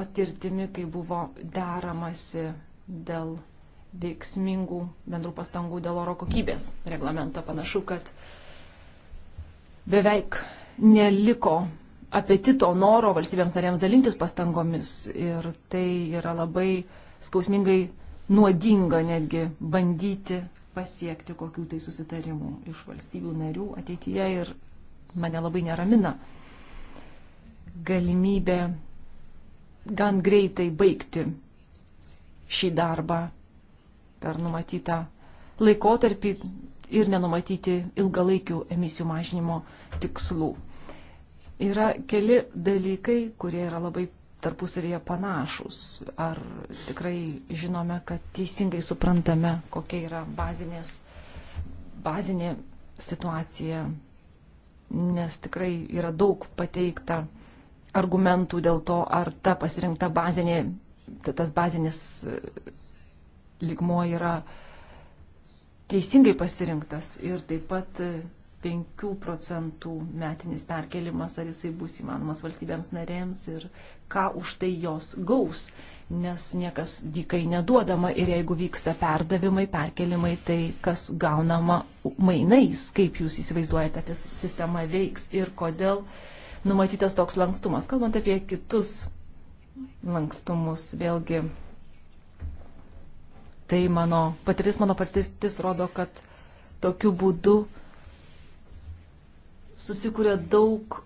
patirtimi, kai buvo deramasi dėl veiksmingų bendrų pastangų dėl oro kokybės reglamento. Panašu, kad beveik neliko apetito noro valstybėms narėms dalintis pastangomis ir tai yra labai skausmingai nuodinga netgi bandyti pasiekti kokių tai susitarimų iš valstybių narių ateityje ir mane labai neramina galimybė gan greitai baigti šį darbą per numatytą laikotarpį ir nenumatyti ilgalaikių emisijų mažinimo tikslų. Yra keli dalykai, kurie yra labai tarpusavyje panašus? Ar tikrai žinome, kad teisingai suprantame, kokia yra bazinės, bazinė situacija? Nes tikrai yra daug pateikta argumentų dėl to, ar ta pasirinkta bazinė, tas bazinis e, ligmo yra teisingai pasirinktas ir taip pat 5 e, procentų metinis perkelimas, ar jisai bus įmanomas valstybėms narėms ir ką už tai jos gaus, nes niekas dykai neduodama ir jeigu vyksta perdavimai, perkelimai, tai kas gaunama mainais, kaip jūs įsivaizduojate, tas sistema veiks ir kodėl numatytas toks lankstumas. Kalbant apie kitus lankstumus, vėlgi, tai mano patirtis, mano patirtis rodo, kad tokiu būdu susikūrė daug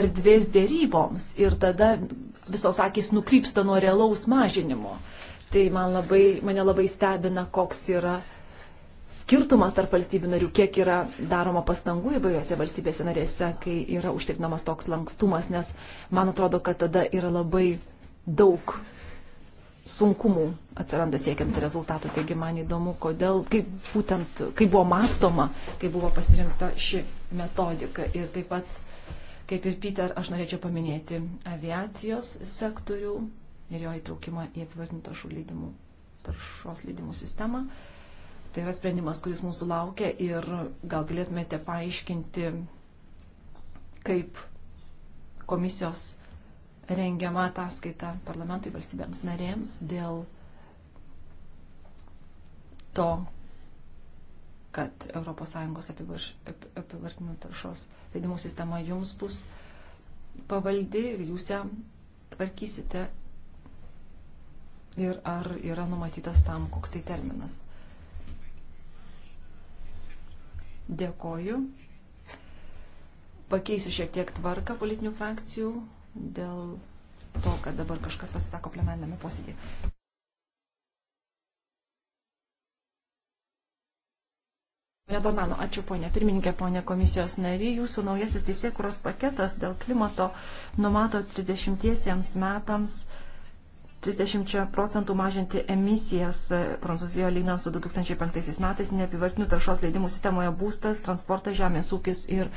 erdvės dėryboms ir tada visos akis nukrypsta nuo realaus mažinimo. Tai man labai, mane labai stebina, koks yra skirtumas tarp valstybių narių, kiek yra daroma pastangų įvairiose valstybėse narėse, kai yra užtikrinamas toks lankstumas, nes man atrodo, kad tada yra labai daug sunkumų atsiranda siekiant rezultatų. Taigi man įdomu, kodėl, kaip būtent, kaip buvo mastoma, kaip buvo pasirinkta ši metodika ir taip pat Kaip ir Peter, aš norėčiau paminėti aviacijos sektorių ir jo įtraukimą į apvartinto šulydimų taršos leidimų sistemą. Tai yra sprendimas, kuris mūsų laukia ir gal galėtumėte paaiškinti, kaip komisijos rengiama ataskaita parlamentui valstybėms narėms dėl to, kad ES apivartinių taršos leidimų sistema jums bus pavaldi ir jūs ją tvarkysite. Ir ar yra numatytas tam koks tai terminas. Dėkoju. Pakeisiu šiek tiek tvarką politinių frakcijų dėl to, kad dabar kažkas pasisako plenarnėme posėdėje. Nedormano, ačiū ponė pirmininkė, ponė komisijos nariai. Jūsų naujasis teisėkuros paketas dėl klimato numato 30 metams 30 procentų mažinti emisijas e, Prancūzijoje lyginant su 2005 metais neapivartinių taršos leidimų sistemoje būstas, transportas, žemės ūkis ir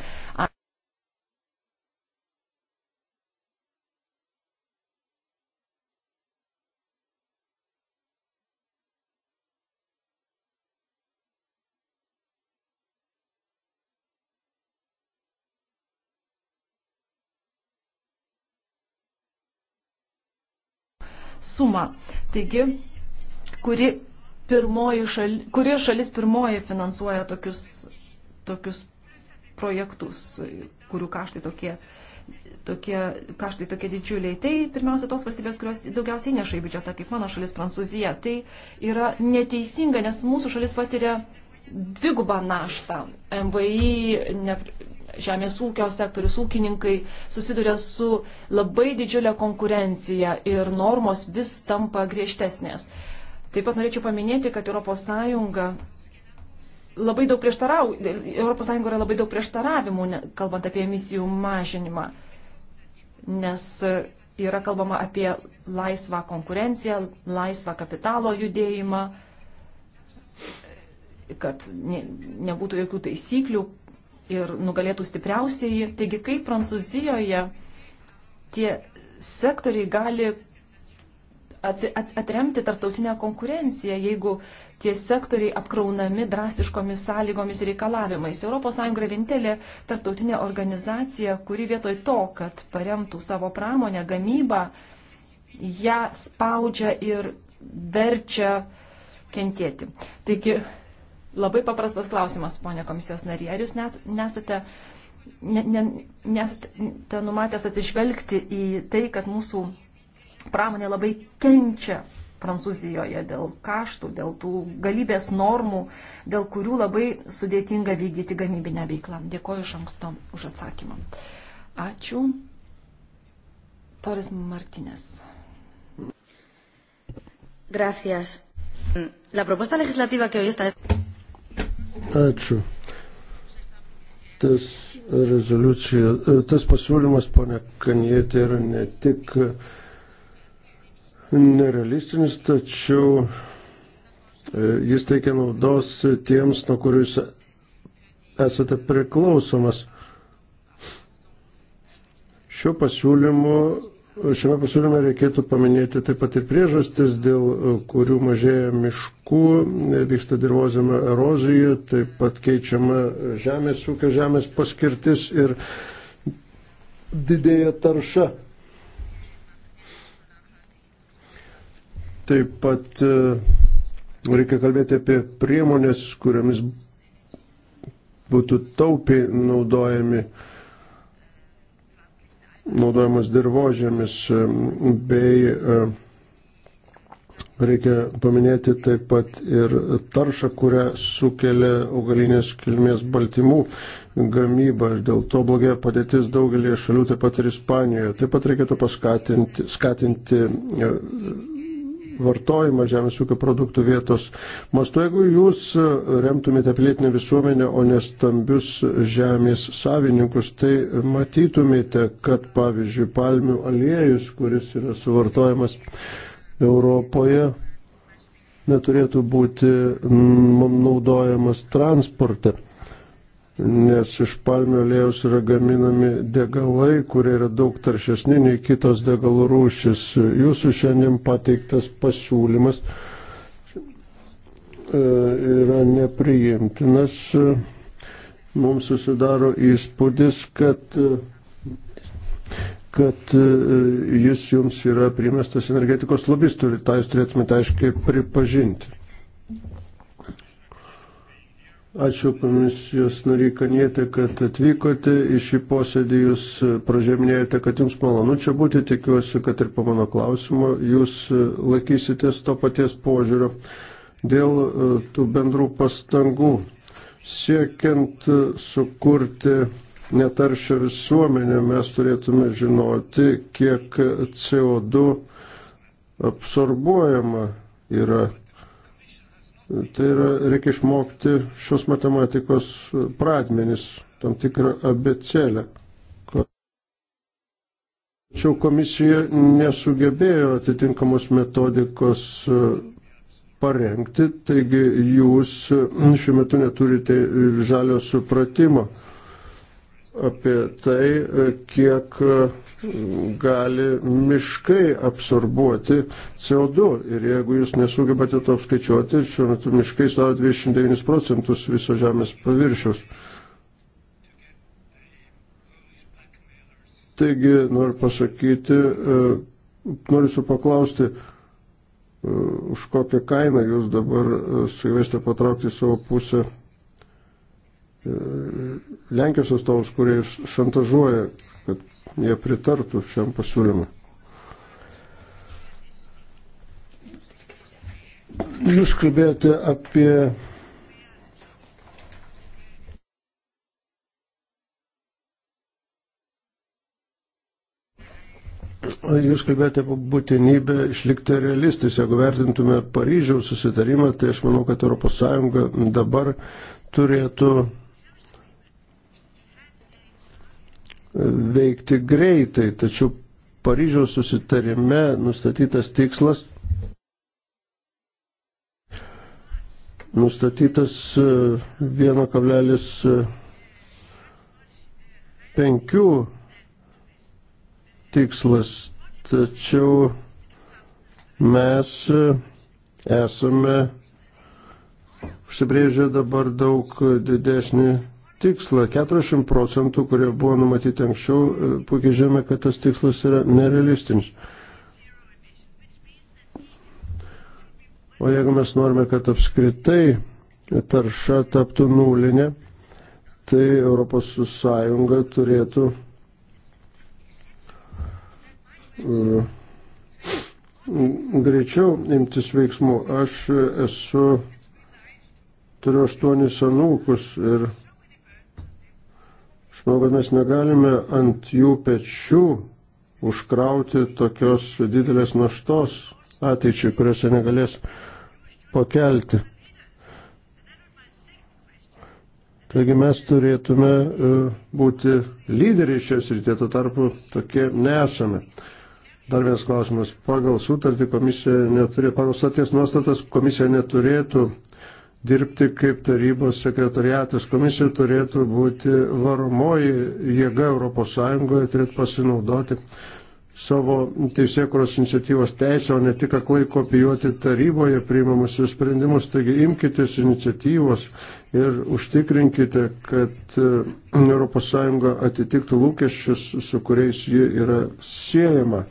sumą. Taigi, kuri, šali, kuri šalis pirmoji finansuoja tokius, tokius projektus, kurių kaštai tokie, tokie, kaštai tokie didžiuliai. Tai pirmiausia tos valstybės, kurios daugiausiai neša į biudžetą, kaip mano šalis Prancūzija. Tai yra neteisinga, nes mūsų šalis patiria dvigubą naštą. MVI ne, žemės ūkio sektorius, ūkininkai susiduria su labai didžiulė konkurencija ir normos vis tampa griežtesnės. Taip pat norėčiau paminėti, kad ES labai daug prieštaravimų, ES yra labai daug prieštaravimų, kalbant apie emisijų mažinimą, nes yra kalbama apie laisvą konkurenciją, laisvą kapitalo judėjimą kad ne, nebūtų jokių taisyklių, ir nugalėtų stipriausiai. Taigi kaip Prancūzijoje tie sektoriai gali atremti tarptautinę konkurenciją, jeigu tie sektoriai apkraunami drastiškomis sąlygomis ir reikalavimais. ES yra vienintelė tarptautinė organizacija, kuri vietoj to, kad paremtų savo pramonę, gamybą, ją spaudžia ir verčia kentėti. Taigi Labai paprastas klausimas, ponė komisijos narė. Ar jūs nesate, ne, ne, nesate numatęs atsižvelgti į tai, kad mūsų pramonė labai kenčia Prancūzijoje dėl kaštų, dėl tų galybės normų, dėl kurių labai sudėtinga vykdyti gamybinę veiklą. Dėkoju iš anksto už atsakymą. Ačiū. Toris Martinės. Gracias. La propuesta legislativa que hoy está. Ačiū. Tas rezoliucija, e, tas pasiūlymas, ponė Kanėtė, yra ne tik nerealistinis, tačiau e, jis teikia naudos tiems, nuo kurių jūs esate priklausomas. Šiuo pasiūlymu Šiame pasiūlyme reikėtų paminėti taip pat ir priežastis, dėl e, kurių mažėja miškų, e, vyksta dirbožėme erozija, taip pat keičiama žemės ūkio žemės paskirtis ir didėja tarša. Taip pat e, reikia kalbėti apie priemonės, kuriamis būtų taupiai naudojami uh, naudojamas dirbožėmis bei e, reikia paminėti taip pat ir taršą, kurią sukelia augalinės kilmės baltymų gamyba. Dėl to blogėja padėtis daugelį šalių, taip pat ir Ispanijoje. Taip pat reikėtų paskatinti skatinti e, vartojimą žemės ūkio produktų vietos mastu. Jeigu jūs remtumėte pilietinę visuomenę, o ne stambius žemės savininkus, tai matytumėte, kad pavyzdžiui palmių aliejus, kuris yra suvartojamas Europoje, neturėtų būti naudojamas transporte nes iš palmių aliejus yra gaminami degalai, kurie yra daug taršesni nei kitos degalų rūšis. Jūsų šiandien pateiktas pasiūlymas e, yra nepriimtinas. Mums susidaro įspūdis, kad kad e, jis jums yra primestas energetikos lobistų ir tai tą jūs turėtumėte aiškiai pripažinti. Ačiū komisijos nariai Kanietė, kad atvykote į šį posėdį. Jūs e, pražeminėjote, kad jums malonu čia būti. Tikiuosi, kad ir po mano klausimo jūs e, laikysitės to paties požiūrio dėl e, tų bendrų pastangų siekiant sukurti netaršią visuomenę. Mes turėtume žinoti, kiek CO2 absorbuojama yra Tai yra, reikia išmokti šios matematikos pradmenis, tam tikrą abecelę. Tačiau komisija nesugebėjo atitinkamos metodikos e, parengti, taigi jūs e, šiuo metu neturite žalio supratimo apie tai, kiek e, gali miškai absorbuoti CO2. Ir jeigu jūs nesugebate to apskaičiuoti, šiuo metu miškai sudaro 29 procentus viso žemės paviršiaus. Taigi noriu pasakyti, e, noriu su paklausti, e, už kokią kainą jūs dabar sugebėsite patraukti savo pusę Lenkijos atstovus, kurie šantažuoja, kad jie pritartų šiam pasiūlymui. Jūs kalbėjote apie Jūs kalbėjote apie būtinybę išlikti realistais. Jeigu vertintume Paryžiaus susitarimą, tai aš manau, kad ES dabar turėtų veikti greitai, tačiau Paryžiaus susitarime nustatytas tikslas, nustatytas 1,5 e, e, tikslas, tačiau mes e, esame užsibrėžę dabar daug didesnį tikslą. 40 procentų, kurie buvo numatyti anksčiau, e, puikiai žinome, kad tas tikslas yra nerealistinis. O jeigu mes norime, kad apskritai tarša taptų nulinė, tai ES turėtų uh, greičiau imtis veiksmų. Aš esu, turiu aštuonis anūkus ir manau, kad mes negalime ant jų pečių užkrauti tokios didelės naštos ateičiai, kurios jie negalės pakelti. Taigi mes turėtume e, būti lyderiai šios rytė, tuo tarpu tokie nesame. Dar vienas klausimas. Pagal sutartį komisija neturėtų, pagal staties nuostatas komisija neturėtų dirbti kaip tarybos sekretariatas. Komisija turėtų būti varomoji jėga ES, turėtų pasinaudoti savo teisėkuros iniciatyvos teisę, o ne tik aklai kopijuoti taryboje priimamus jų sprendimus. Taigi imkitės iniciatyvos ir užtikrinkite, kad ES atitiktų lūkesčius, su kuriais ji yra siejama.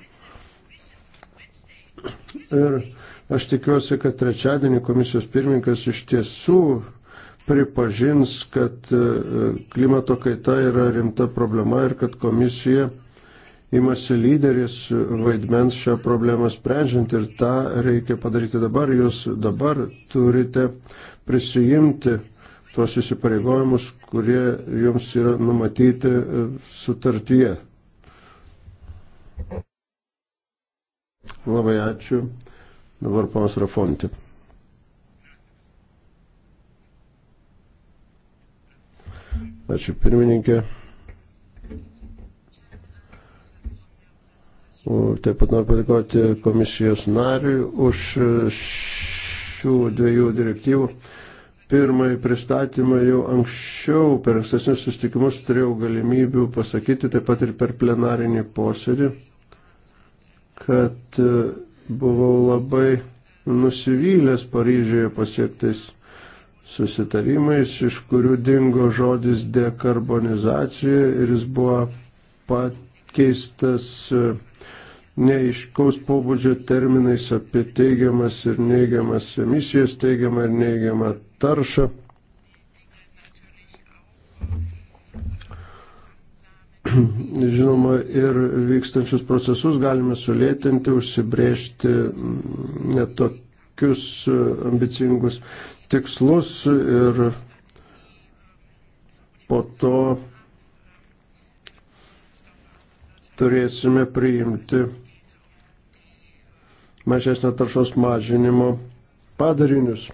Ir Aš tikiuosi, kad trečiadienį komisijos pirmininkas iš tiesų pripažins, kad e, klimato kaita yra rimta problema ir kad komisija imasi lyderis vaidmens šią problemą sprendžiant ir tą reikia padaryti dabar. Jūs dabar turite prisijimti tuos įsipareigojimus, kurie jums yra numatyti e, sutartyje. Labai ačiū. Dabar panas Rafonti. Ačiū pirmininkė. Taip pat noriu padėkoti komisijos nariui už šių dviejų direktyvų. Pirmąjį pristatymą jau anksčiau per ankstesnius sustikimus turėjau galimybių pasakyti, taip pat ir per plenarinį posėdį, kad buvau labai nusivylęs Paryžiuje pasiektais susitarimais, iš kurių dingo žodis dekarbonizacija ir jis buvo pakeistas e, neiškaus pobūdžio terminais apie teigiamas ir neigiamas emisijas, teigiamą ir neigiamą taršą. (clears throat) žinoma, ir vykstančius procesus galime sulėtinti, užsibriežti mm, netokius e, ambicingus tikslus ir po to turėsime priimti mažesnio taršos mažinimo padarinius.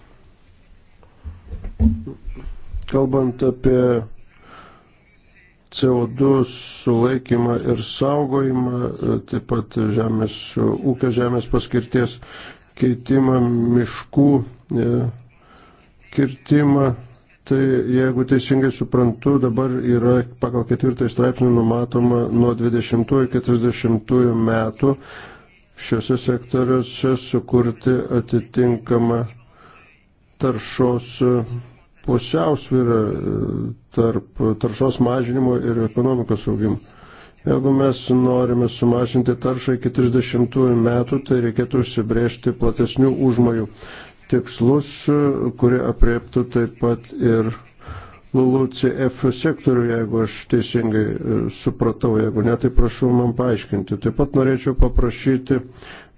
Kalbant apie CO2 sulaikymą ir saugojimą, e, taip pat žemės, ūkio žemės paskirties keitimą, miškų e, kirtimą. Tai jeigu teisingai suprantu, dabar yra pagal ketvirtąjį straipsnį numatoma nuo 20 iki 30 metų šiuose sektoriuose sukurti atitinkamą taršos pusiausvyrą e, tarp taršos mažinimo ir ekonomikos augimo. Jeigu mes norime sumažinti taršą iki 30 metų, tai reikėtų užsibriežti platesnių užmojų tikslus, kurie apriektų taip pat ir LULUCF sektorių, jeigu aš teisingai e, supratau, jeigu ne, tai prašau man paaiškinti. Taip pat norėčiau paprašyti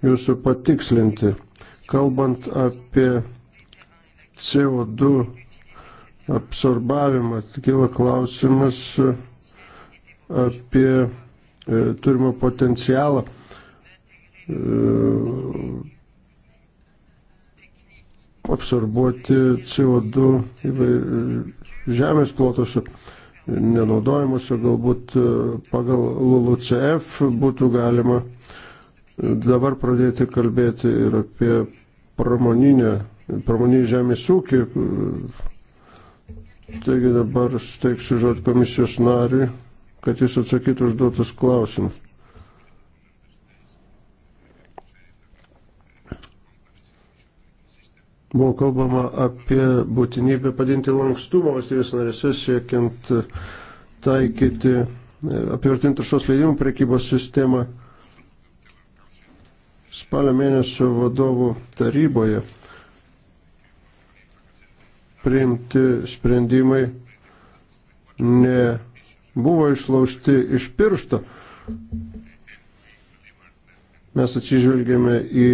jūsų patikslinti, kalbant apie CO2 absorbavimą. Kila klausimas e, apie e, turimą potencialą e, absorbuoti CO2 žemės plotose nenaudojimuose, galbūt pagal LULUCF būtų galima dabar pradėti kalbėti ir apie pramoninę, pramoninį žemės ūkį, Taigi dabar steiksiu žodį komisijos nariui, kad jis atsakytų užduotus klausimus. Buvo kalbama apie būtinybę padinti lankstumą valstybės narėse, siekiant taikyti e, apivartintų šios leidimų prekybos sistemą spalio mėnesio vadovų taryboje priimti sprendimai nebuvo išlaužti iš piršto. Mes atsižvelgėme į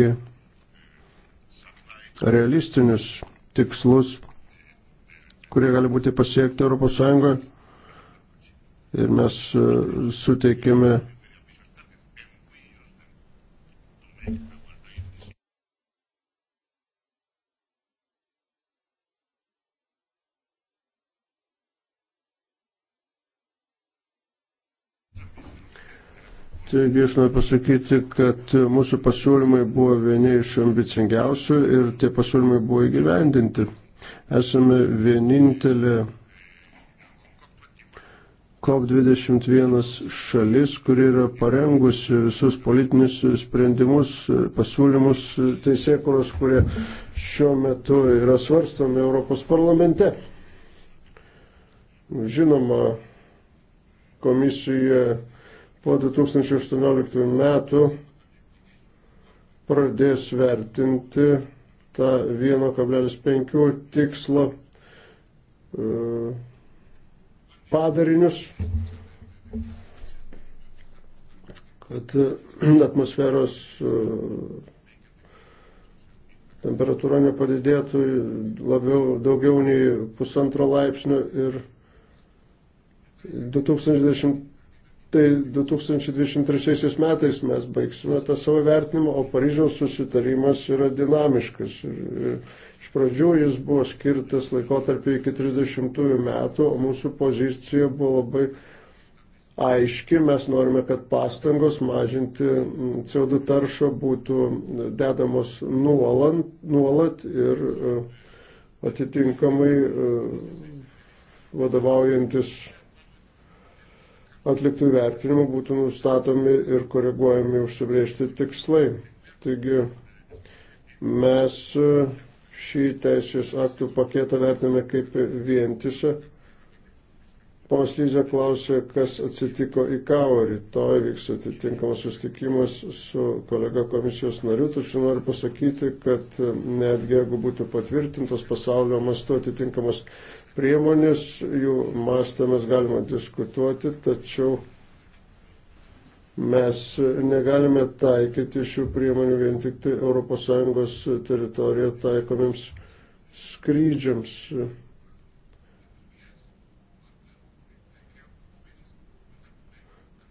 realistinius tikslus, kurie gali būti pasiekti ES ir mes e, suteikėme Taigi aš noriu pasakyti, kad mūsų pasiūlymai buvo vieni iš ambicingiausių ir tie pasiūlymai buvo įgyvendinti. Esame vienintelė COP21 šalis, kuri yra parengusi visus politinius sprendimus, pasiūlymus teisėkuros, kurie šiuo metu yra svarstomi Europos parlamente. Žinoma, komisijoje po 2018 metų pradės vertinti tą 1,5 tikslo e, padarinius, kad e, (clears throat) atmosferos e, temperatūra nepadidėtų labiau daugiau nei pusantro laipsnio ir 2020 tai 2023 metais mes baigsime tą savo vertinimą, o Paryžiaus susitarimas yra dinamiškas. Ir, ir iš pradžių jis buvo skirtas laikotarpiu iki 30 metų, o mūsų pozicija buvo labai aiški. Mes norime, kad pastangos mažinti CO2 taršą būtų dedamos nuolant, nuolat ir e, atitinkamai e, vadovaujantis atliktų vertinimų būtų nustatomi ir koreguojami užsibriežti tikslai. Taigi mes e, šį teisės aktų paketą vertiname kaip vientisą. Ponas Lyzė klausė, kas atsitiko į kavo. Rytoj vyks atitinkamas sustikimas su kolega komisijos nariu, tačiau noriu pasakyti, kad e, netgi jeigu būtų patvirtintos pasaulio mastu atitinkamas priemonės, jų mastą mes galime diskutuoti, tačiau mes negalime taikyti šių priemonių vien tik tai ES teritorijoje taikomiems skrydžiams.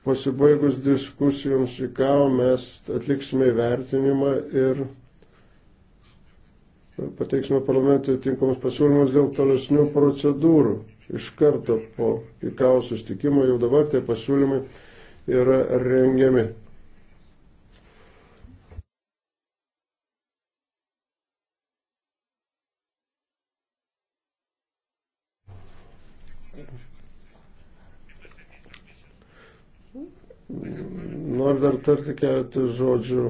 Pasibaigus diskusijoms į ką mes atliksime įvertinimą ir pateiksime parlamentui tinkamus pasiūlymus dėl tolesnių procedūrų. Iš karto po įkavo sustikimo jau dabar tie pasiūlymai yra rengiami. Noriu dar tarti keletą žodžių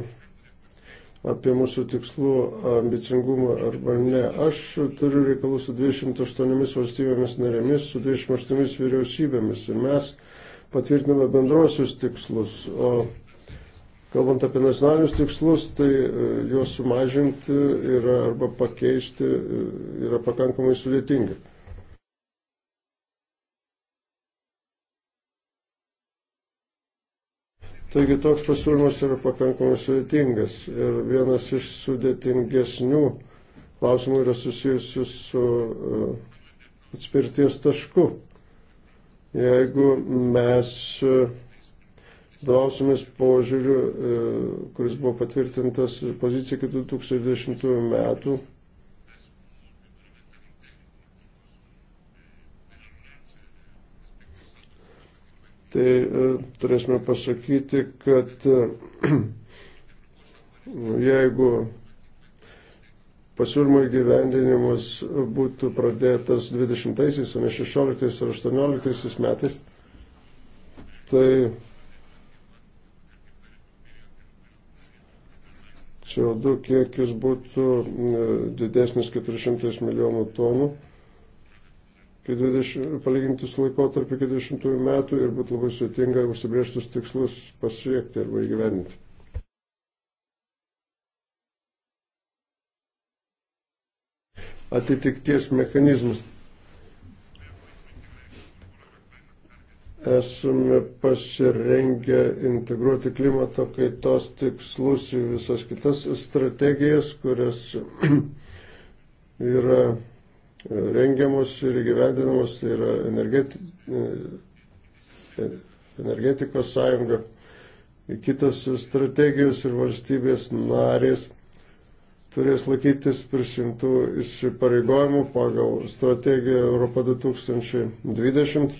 apie mūsų tikslų ambicingumą arba ne. Aš turiu reikalų su 208 valstybėmis narėmis, su 28 vyriausybėmis ir mes patvirtiname bendrosius tikslus. O kalbant apie nacionalinius tikslus, tai e, juos sumažinti yra, arba pakeisti e, yra pakankamai sudėtinga. Taigi toks pasiūlymas yra pakankamai sudėtingas ir vienas iš sudėtingesnių klausimų yra susijusi su e, atspirties tašku. Jeigu mes e, vadovausimės požiūriu, e, kuris buvo patvirtintas pozicija iki 2010 metų, tai e, turėsime pasakyti, kad e, (clears throat) nu, jeigu pasiūlymo įgyvendinimas būtų pradėtas 20-aisiais, o ne 16-aisiais ar 18-aisiais metais, tai CO2 kiekis būtų e, didesnis 400 milijonų tonų iki 20, palyginti su laikotarpiu iki 20 metų ir būtų labai sudėtinga užsibrėžtus tikslus pasiekti arba įgyveninti. Atitikties mechanizmas. Esame pasirengę integruoti klimato kaitos tikslus į visas kitas strategijas, kurias (clears throat) yra rengiamos ir gyvendinamos, tai yra energeti, e, energetikos sąjunga, kitas strategijos ir valstybės narės turės laikytis prisimtų įsipareigojimų pagal strategiją Europa 2020.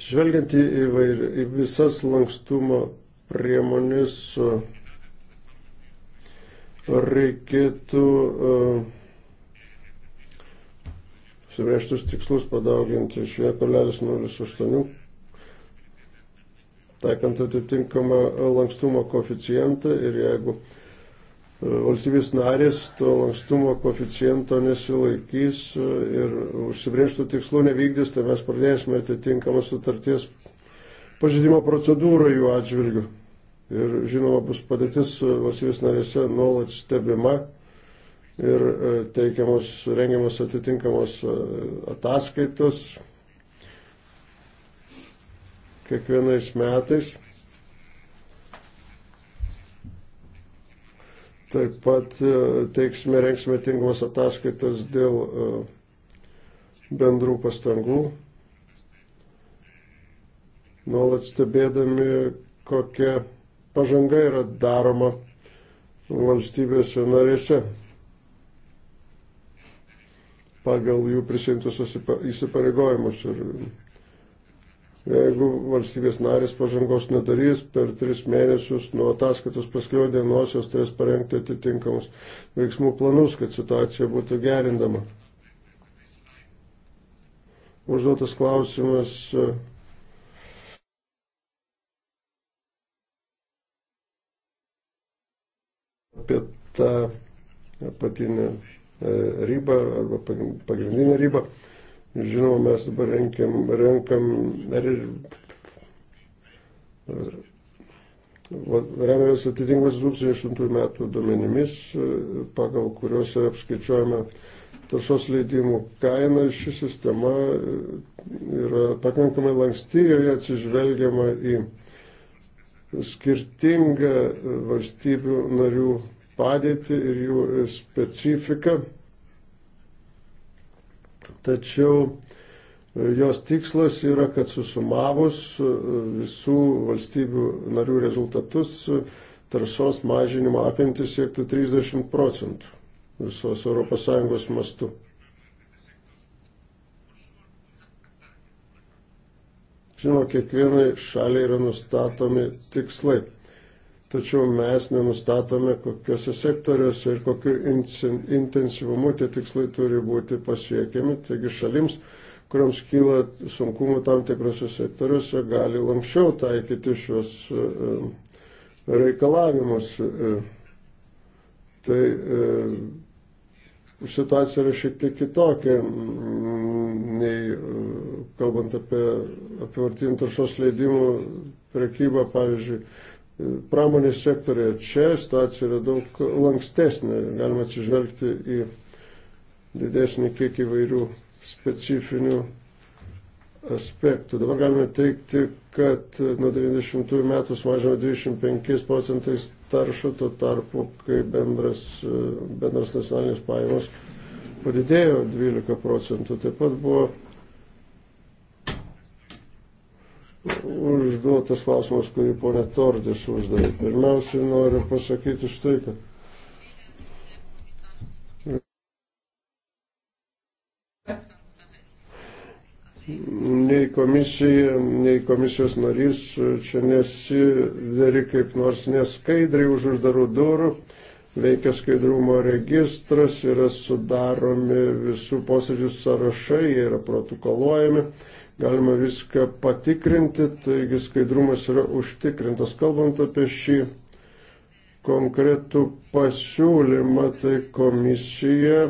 Žvelgiant į, įvair, į visas lankstumo priemonės, reikėtų uh, užsibrieštus tikslus padauginti iš 1,08, taikant atitinkamą lankstumo koficijantą ir jeigu e, valstybės narės to lankstumo koficijento nesilaikys e, ir užsibrieštų tikslų nevykdys, tai mes pradėsime atitinkamą sutarties pažydimo procedūrą jų atžvilgiu. Ir žinoma, bus padėtis e, valstybės narėse nuolat stebima ir e, teikiamos, rengiamos atitinkamos e, ataskaitos kiekvienais metais. Taip pat e, teiksime, rengsime tinkamas ataskaitas dėl bendrų pastangų, nuolat stebėdami, kokia pažanga yra daroma valstybėse narėse pagal jų prisimtus įsipareigojimus. Ir jeigu valstybės narės pažangos nedarys, per tris mėnesius nuo ataskaitos paskliau dienos jos turės parengti atitinkamus veiksmų planus, kad situacija būtų gerindama. Užduotas klausimas e, apie tą apatinę E, ribą arba pagrindinę ribą. Žinoma, mes dabar renkiam, renkam, remiamės atitinkamas 2008 metų duomenimis, e, pagal kuriuos yra apskaičiuojama taršos leidimų kaina. Ši sistema e, yra pakankamai lanksti, joje atsižvelgiama į skirtingą valstybių narių padėtį ir jų specifiką. Tačiau e, jos tikslas yra, kad susumavus e, visų valstybių narių rezultatus e, taršos mažinimo apimtis siektų 30 procentų visos ES mastu. Žinoma, kiekvienai šaliai yra nustatomi tikslai tačiau mes nenustatome, kokiuose sektoriuose ir kokiu intensyvumu tie tikslai turi būti pasiekiami. Taigi šalims, kuriams kyla sunkumų tam tikrose sektoriuose, gali lankščiau taikyti šios e, e, reikalavimus. E, tai situacija yra šiek tiek kitokia, nei kalbant apie apivartinių taršos leidimų prekybą, pavyzdžiui pramonės sektorėje. Čia situacija yra daug lankstesnė, galima atsižvelgti į didesnį kiek įvairių specifinių aspektų. Dabar galime teikti, kad nuo 90 metų sumažino 25 procentais taršų, tuo tarpu, kai bendras, bendras nacionalinis pajamos padidėjo 12 procentų. Taip pat buvo užduotas klausimas, kurį ponė Tordis uždavė. Pirmiausiai noriu pasakyti štai, kad nei komisija, nei komisijos narys čia nesideri kaip nors neskaidriai už uždarų durų, veikia skaidrumo registras, yra sudaromi visų posėdžių sąrašai, jie yra protokoluojami galima viską patikrinti, taigi skaidrumas yra užtikrintas. Kalbant apie šį konkretų pasiūlymą, tai komisija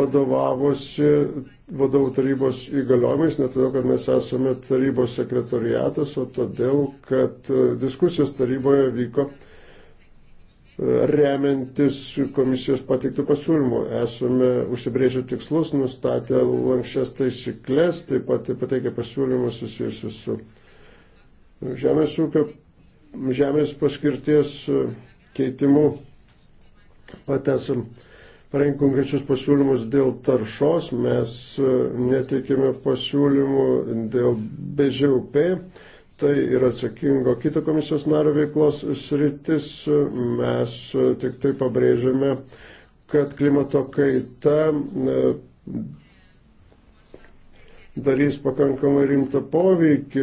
vadovavosi vadovų tarybos įgaliojimais, ne todėl, kad mes esame tarybos sekretoriatas, o todėl, kad diskusijos taryboje vyko remiantis komisijos pateiktų pasiūlymų. Esame užsibrėžę tikslus, nustatę lankščias taisyklės, taip pat pateikę pasiūlymus susijusius su žemės ūkio, žemės paskirties keitimu. Pat esam parengę konkrečius pasiūlymus dėl taršos, mes netikime pasiūlymų dėl BŽUP Tai yra atsakingo kito komisijos nario veiklos sritis. Mes tik tai pabrėžiame, kad klimato kaita darys pakankamai rimtą poveikį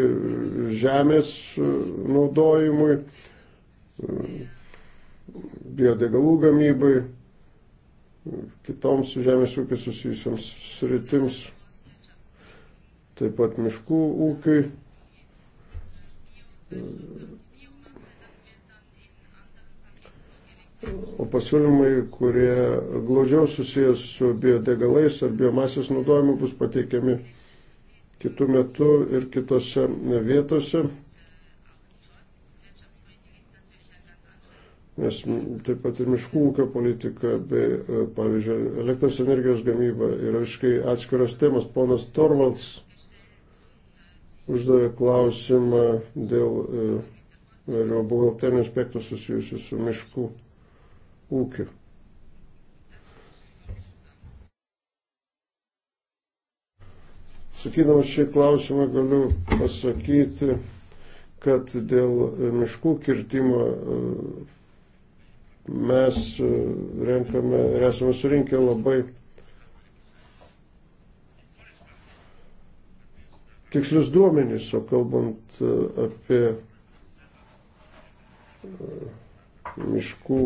žemės naudojimui, biodegalų gamybai, kitoms žemės ūkis susijusiams sritims, taip pat miškų ūkiui. O pasiūlymai, kurie glaudžiau susijęs su biodegalais ar biomasės naudojimu, bus pateikiami kitų metų ir kitose vietose. Nes taip pat ir miškų ūkio politika bei, e, pavyzdžiui, elektros energijos gamyba yra iškai atskiros temas. Ponas Torvalds uždavė klausimą dėl vėliau e, buhalterinių aspektų susijusių su miškų ūkiu. Sakydamas šį klausimą galiu pasakyti, kad dėl e, miškų kirtimo e, mes renkame ir esame surinkę labai tikslius duomenys, o kalbant e, apie e, miškų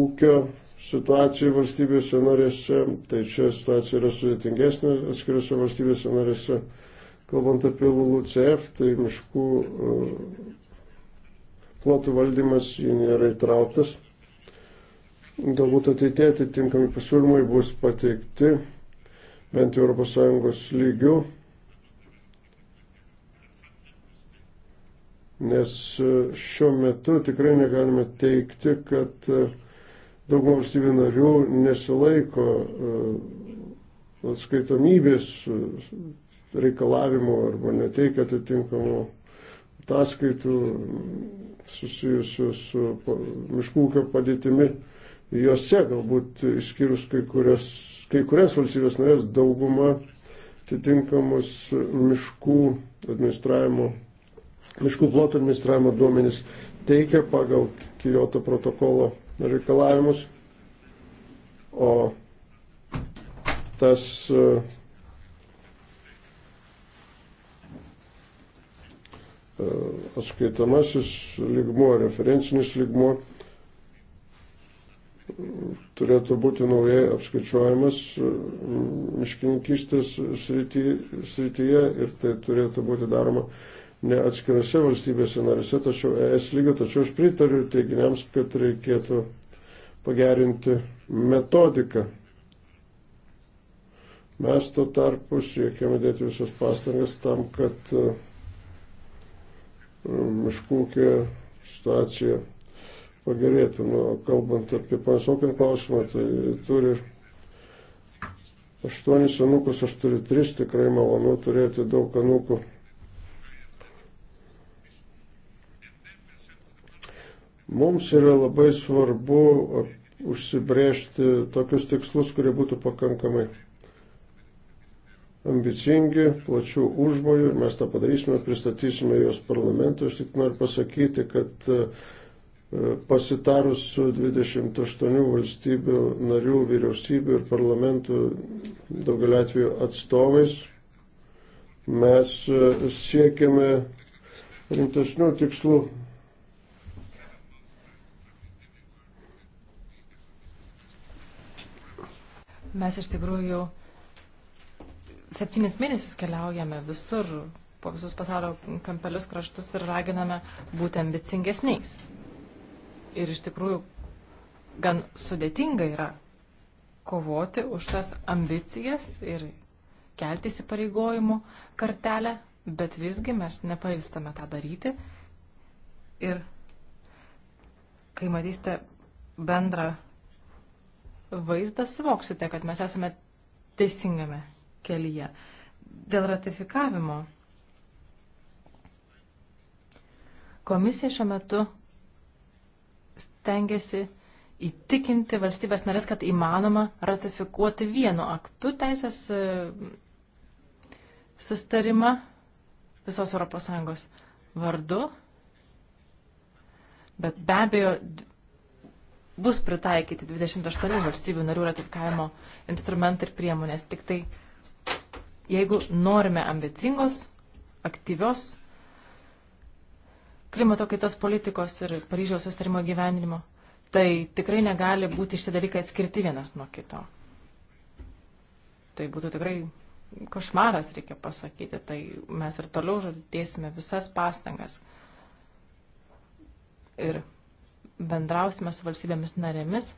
ūkio situacijų valstybėse norėse, tai čia situacija yra sudėtingesnė atskiriuose valstybėse norėse. Kalbant apie LULUCF, tai miškų e, plotų valdymas jį nėra įtrauktas. Galbūt ateitie atitinkami pasiūlymai bus pateikti bent ES lygių, nes e, šiuo metu tikrai negalime teikti, kad e, daugumą valstybių narių nesilaiko e, atskaitomybės reikalavimų arba neteikia atitinkamų ataskaitų susijusių su miškų ūkio padėtimi. Jose galbūt išskyrus kai kurias kai kurias valstybės narės dauguma atitinkamus miškų administravimo, miškų plotų administravimo duomenys teikia pagal Kyoto protokolo reikalavimus, o tas e, atskaitamasis ligmuo, referencinis ligmuo turėtų būti naujai apskaičiuojamas mm, miškininkistės srityje ir tai turėtų būti daroma ne atskirose valstybėse narėse, tačiau ES lygio, tačiau aš pritariu teiginiams, kad reikėtų pagerinti metodiką. Mes tuo tarpu siekiame dėti visas pastangas tam, kad e, miškūkė situacija pagerėtų. Nu, kalbant apie pansokin klausimą, tai turi aštuonis anūkus, aš turiu tris, tikrai malonu turėti daug anūkų. Mums yra labai svarbu užsibrėžti tokius tikslus, kurie būtų pakankamai ambicingi, plačių užmojų ir mes tą padarysime, pristatysime juos parlamentui. Aš tik noriu pasakyti, kad uh, pasitarus su 28 valstybių narių vyriausybių ir parlamentų daugelį atvejų atstovais, mes e, siekiame rimtesnių tikslų. Mes iš tikrųjų septynis mėnesius keliaujame visur, po visus pasaulio kampelius kraštus ir raginame būti ambicingesniais ir iš tikrųjų gan sudėtinga yra kovoti už tas ambicijas ir kelti įsipareigojimų kartelę, bet visgi mes nepailstame tą daryti. Ir kai matysite bendrą vaizdą, suvoksite, kad mes esame teisingame kelyje. Dėl ratifikavimo komisija šiuo metu stengiasi įtikinti valstybės narės, kad įmanoma ratifikuoti vienu aktu teisės e, sustarimą visos ES vardu. Bet be abejo, bus pritaikyti 28 valstybių narių ratifikavimo instrumentai ir priemonės. Tik tai, jeigu norime ambicingos, aktyvios klimato kaitos politikos ir Paryžiaus sustarimo gyvenimo, tai tikrai negali būti šitie dalykai atskirti vienas nuo kito. Tai būtų tikrai košmaras, reikia pasakyti. Tai mes ir toliau žodėsime visas pastangas. Ir bendrausime su valstybėmis narėmis.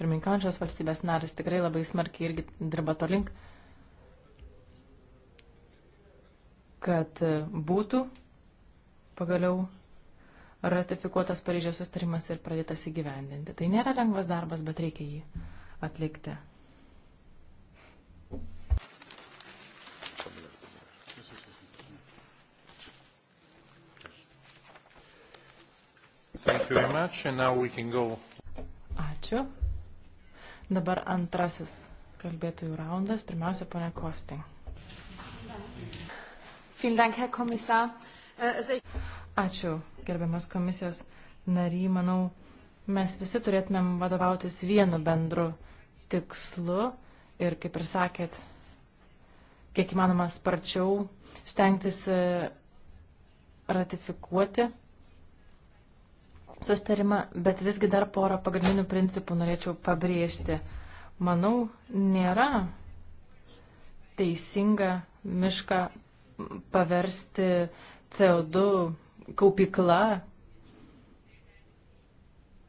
Pirminkančios valstybės narės tikrai labai smarkiai irgi dirba to link, kad būtų pagaliau ratifikuotas Paryžiaus sustarimas ir pradėtas įgyvendinti. Tai nėra lengvas darbas, bet reikia jį atlikti. Ačiū. Dabar antrasis kalbėtojų raundas. Pirmiausia, ponia Kosting. Äh, Ačiū, gerbiamas komisijos nary. Manau, mes visi turėtumėm vadovautis vienu bendru tikslu ir, kaip ir sakėt, kiek įmanoma sparčiau stengtis e, ratifikuoti sustarimą, bet visgi dar porą pagrindinių principų norėčiau pabrėžti. Manau, nėra teisinga mišką paversti CO2 kaupykla,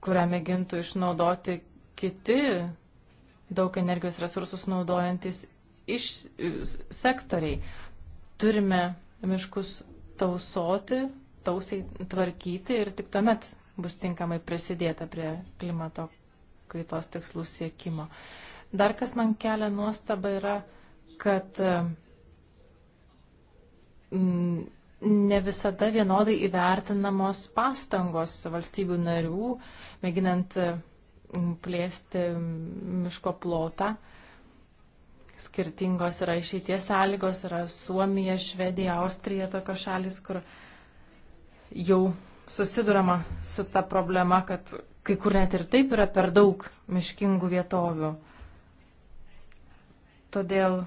kurią mėgintų išnaudoti kiti daug energijos resursus naudojantis iš sektoriai. Turime miškus tausoti, tausiai tvarkyti ir tik tuomet bus tinkamai prisidėta prie klimato kaitos tikslų siekimo. Dar kas man kelia nuostaba yra, kad uh, ne visada vienodai įvertinamos pastangos valstybių narių, mėginant plėsti miško plotą. Skirtingos yra išeities sąlygos, yra Suomija, Švedija, Austrija, tokios šalis, kur jau susidurama su ta problema, kad kai kur net ir taip yra per daug miškingų vietovių. Todėl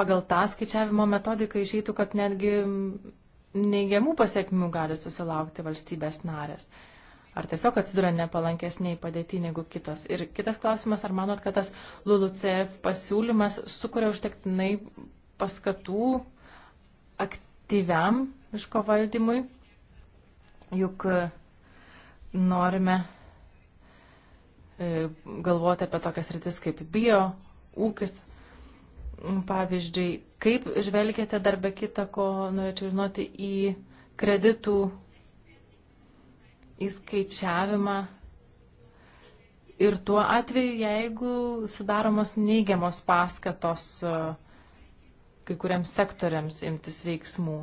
pagal tą skaičiavimo metodiką išeitų, kad netgi neigiamų pasiekmių gali susilaukti valstybės narės. Ar tiesiog atsiduria nepalankesniai padėti negu kitos. Ir kitas klausimas, ar manot, kad tas LULUCF pasiūlymas sukuria užtektinai paskatų aktyviam miško valdymui? Juk e, norime e, galvoti apie tokias rytis kaip bio, ūkis, Pavyzdžiui, kaip žvelgiate dar be kita, ko norėčiau žinoti, į kreditų įskaičiavimą ir tuo atveju, jeigu sudaromos neigiamos paskatos e, kai kuriams sektoriams imtis veiksmų.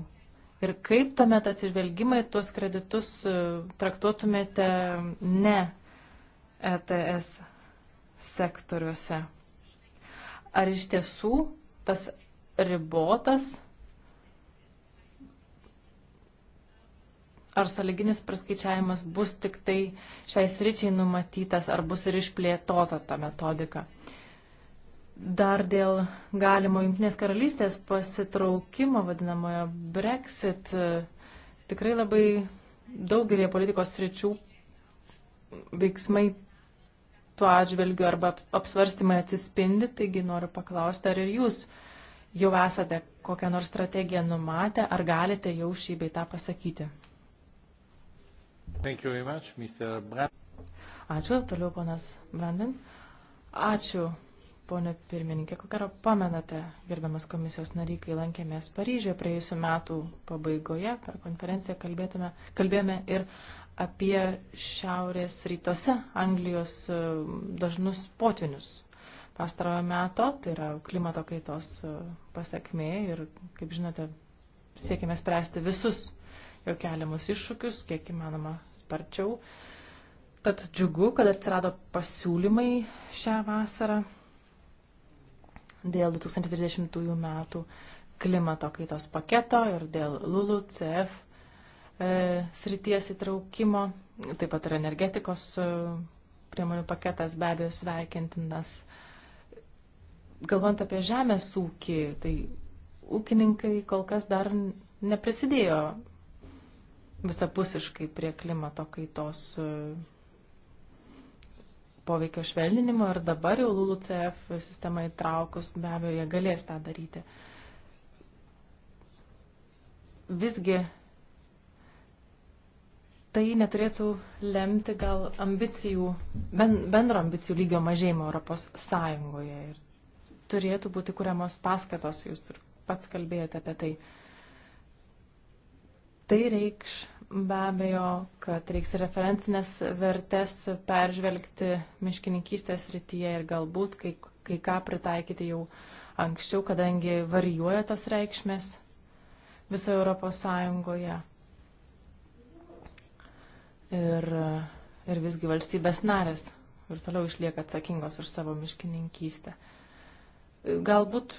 Ir kaip tuomet atsižvelgimai tuos kreditus e, traktuotumėte ne ETS sektoriuose? ar iš tiesų tas ribotas ar saliginis praskaičiavimas bus tik tai šiai sričiai numatytas, ar bus ir išplėtota ta metodika. Dar dėl galimo Junktinės karalystės pasitraukimo, vadinamojo Brexit, tikrai labai daugelį politikos sričių veiksmai tuo atžvilgiu arba apsvarstymai atsispindi, taigi noriu paklausti, ar ir jūs jau esate kokią nors strategiją numatę, ar galite jau šį beitą pasakyti. Much, Ačiū, toliau ponas Brandin. Ačiū, ponė pirmininkė. Ko gero pamenate, gerbiamas komisijos nariai, kai lankėmės Paryžioje praėjusiu metų pabaigoje, per konferenciją kalbėtume, kalbėjome ir apie šiaurės rytuose Anglijos e, dažnus potvinius pastarojo meto, tai yra klimato kaitos e, pasiekmė ir, kaip žinote, siekime spręsti visus jo keliamus iššūkius, kiek įmanoma sparčiau. Tad džiugu, kad atsirado pasiūlymai šią vasarą dėl 2030 metų klimato kaitos paketo ir dėl LULUCF E, srities įtraukimo, taip pat ir energetikos e, priemonių paketas be abejo sveikintinas. Galvant apie žemės ūkį, tai ūkininkai kol kas dar neprisidėjo visapusiškai prie klimato kaitos e, poveikio švelninimo ir dabar jau LULUCF sistema įtraukus be abejo jie galės tą daryti. Visgi tai neturėtų lemti gal ambicijų, ben, bendro ambicijų lygio mažėjimo Europos Sąjungoje. Ir turėtų būti kuriamos paskatos, jūs ir pats kalbėjote apie tai. Tai reikš be abejo, kad reiks referencinės vertes peržvelgti miškininkystės rytyje ir galbūt kai, kai ką pritaikyti jau anksčiau, kadangi varijuoja tos reikšmės visoje Europos Sąjungoje ir, ir visgi valstybės narės ir toliau išlieka atsakingos už savo miškininkystę. Galbūt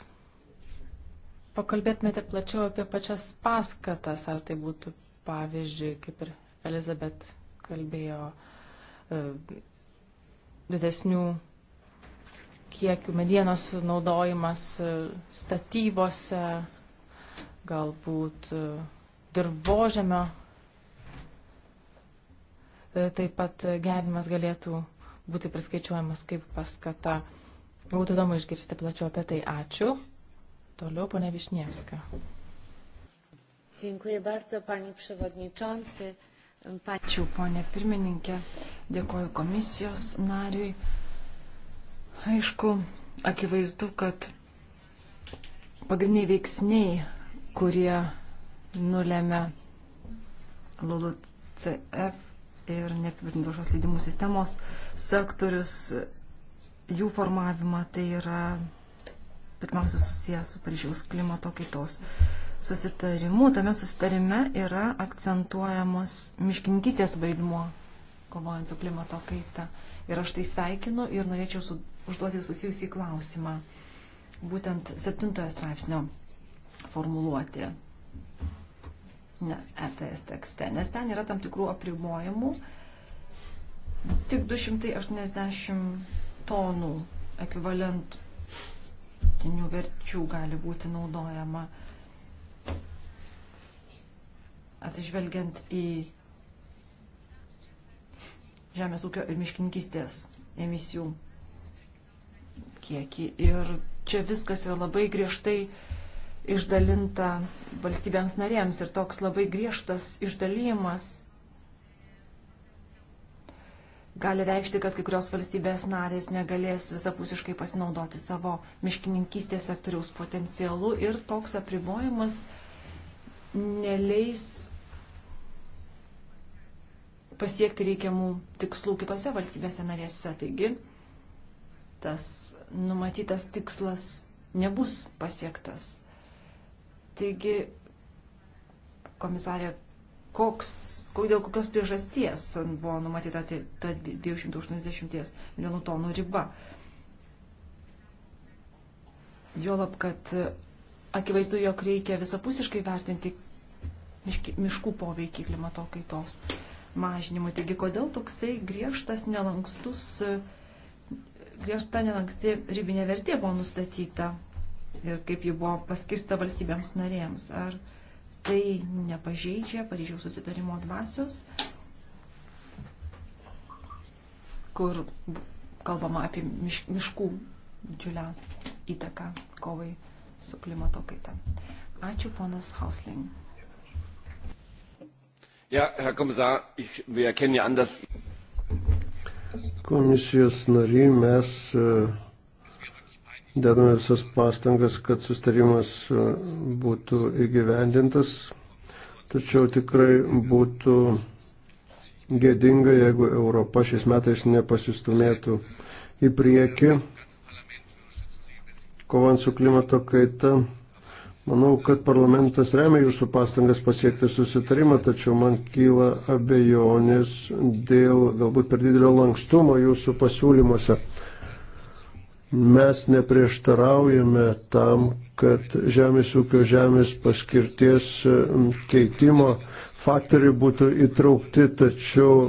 pakalbėtumėte plačiau apie pačias paskatas, ar tai būtų pavyzdžiui, kaip ir Elizabet kalbėjo, e, didesnių kiekių medienos naudojimas e, statybose, galbūt e, dirbožemio taip pat gerinimas galėtų būti priskaičiuojamas kaip paskata. Būtų įdomu išgirsti plačiau apie tai. Ačiū. Toliau ponia Višnievska. Dziękuję bardzo, pani przewodniczący. Ačiū, ponė pirmininkė. Dėkoju komisijos nariui. Aišku, akivaizdu, kad pagrindiniai veiksniai, kurie nulėmė LULUCF ir neapibūdintos šios leidimų sistemos sektorius, jų formavimą, tai yra pirmiausia susijęs su Paryžiaus klimato kaitos susitarimu. Tame susitarime yra akcentuojamas miškininkystės vaidmuo kovojant su klimato kaita. Ir aš tai sveikinu ir norėčiau su, užduoti susijusį klausimą. Būtent septintojo straipsnio formuluoti ne, ETS tekste, nes ten yra tam tikrų apribojimų. Tik 280 tonų ekvivalentinių verčių gali būti naudojama atsižvelgiant į žemės ūkio ir miškininkystės emisijų kiekį. Ir čia viskas yra labai griežtai išdalinta valstybėms narėms ir toks labai griežtas išdalymas gali reikšti, kad kai kurios valstybės narės negalės visapusiškai pasinaudoti savo miškininkystės sektoriaus potencialu ir toks apribojimas neleis pasiekti reikiamų tikslų kitose valstybėse narėse. Taigi tas numatytas tikslas nebus pasiektas. Taigi, komisarė, koks, dėl kokios priežasties buvo numatyta tai- ta 280 milijonų tonų riba? Juolab, kad e, akivaizdu, jog reikia visapusiškai vertinti miškų poveikį klimato kaitos mažinimui. Taigi, kodėl toksai griežtas, nelankstus, e, griežta nelanksti ribinė vertė buvo nustatyta ir kaip ji buvo paskirsta valstybėms narėms. Ar tai nepažeidžia Paryžiaus susitarimo dvasios, kur kalbama apie miškų didžiulę įtaką kovai su klimato kaita. Ačiū, ponas Hausling. Ja, Herr Kommissar, ich, wir erkennen ja an, dass. Komisijos nariai mes uh, dedame visas pastangas, kad sustarimas e, būtų įgyvendintas, tačiau tikrai būtų gėdinga, jeigu Europa šiais metais nepasistumėtų į priekį, kovant su klimato kaita. Manau, kad parlamentas remia jūsų pastangas pasiekti susitarimą, tačiau man kyla abejonės dėl galbūt per didelio lankstumo jūsų pasiūlymuose. Mes neprieštaraujame tam, kad žemės ūkio žemės paskirties keitimo faktoriai būtų įtraukti, tačiau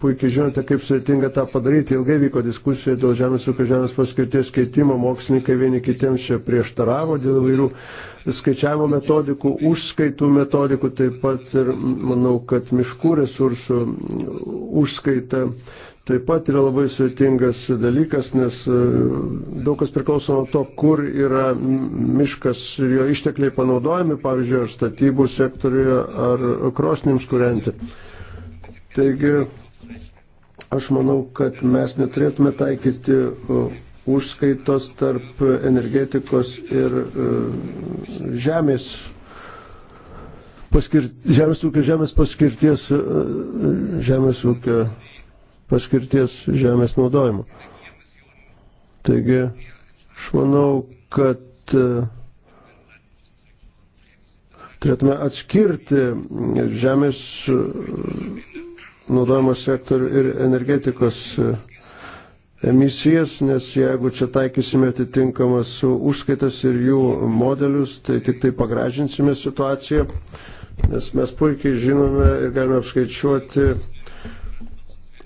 puikiai žinote, kaip sudėtinga tą padaryti. Ilgai vyko diskusija dėl žemės ūkio žemės paskirties keitimo, mokslininkai vieni kitiems čia prieštaravo dėl vairių skaičiavimo metodikų, užskaitų metodikų, taip pat ir manau, kad miškų resursų užskaita taip pat yra labai sudėtingas dalykas, nes e, daug kas priklauso nuo to, kur yra miškas ir jo ištekliai panaudojami, pavyzdžiui, ar statybų sektoriuje, ar krosnims kurianti. Taigi, aš manau, kad mes neturėtume taikyti e, užskaitos tarp energetikos ir e, žemės paskirt, žemės ūkio, žemės paskirties, žemės ūkio paskirties žemės naudojimo. Taigi, aš manau, kad e, turėtume atskirti žemės e, naudojimo sektorių ir energetikos e, emisijas, nes jeigu čia taikysime atitinkamas užskaitas ir jų modelius, tai tik tai pagražinsime situaciją, nes mes puikiai žinome ir galime apskaičiuoti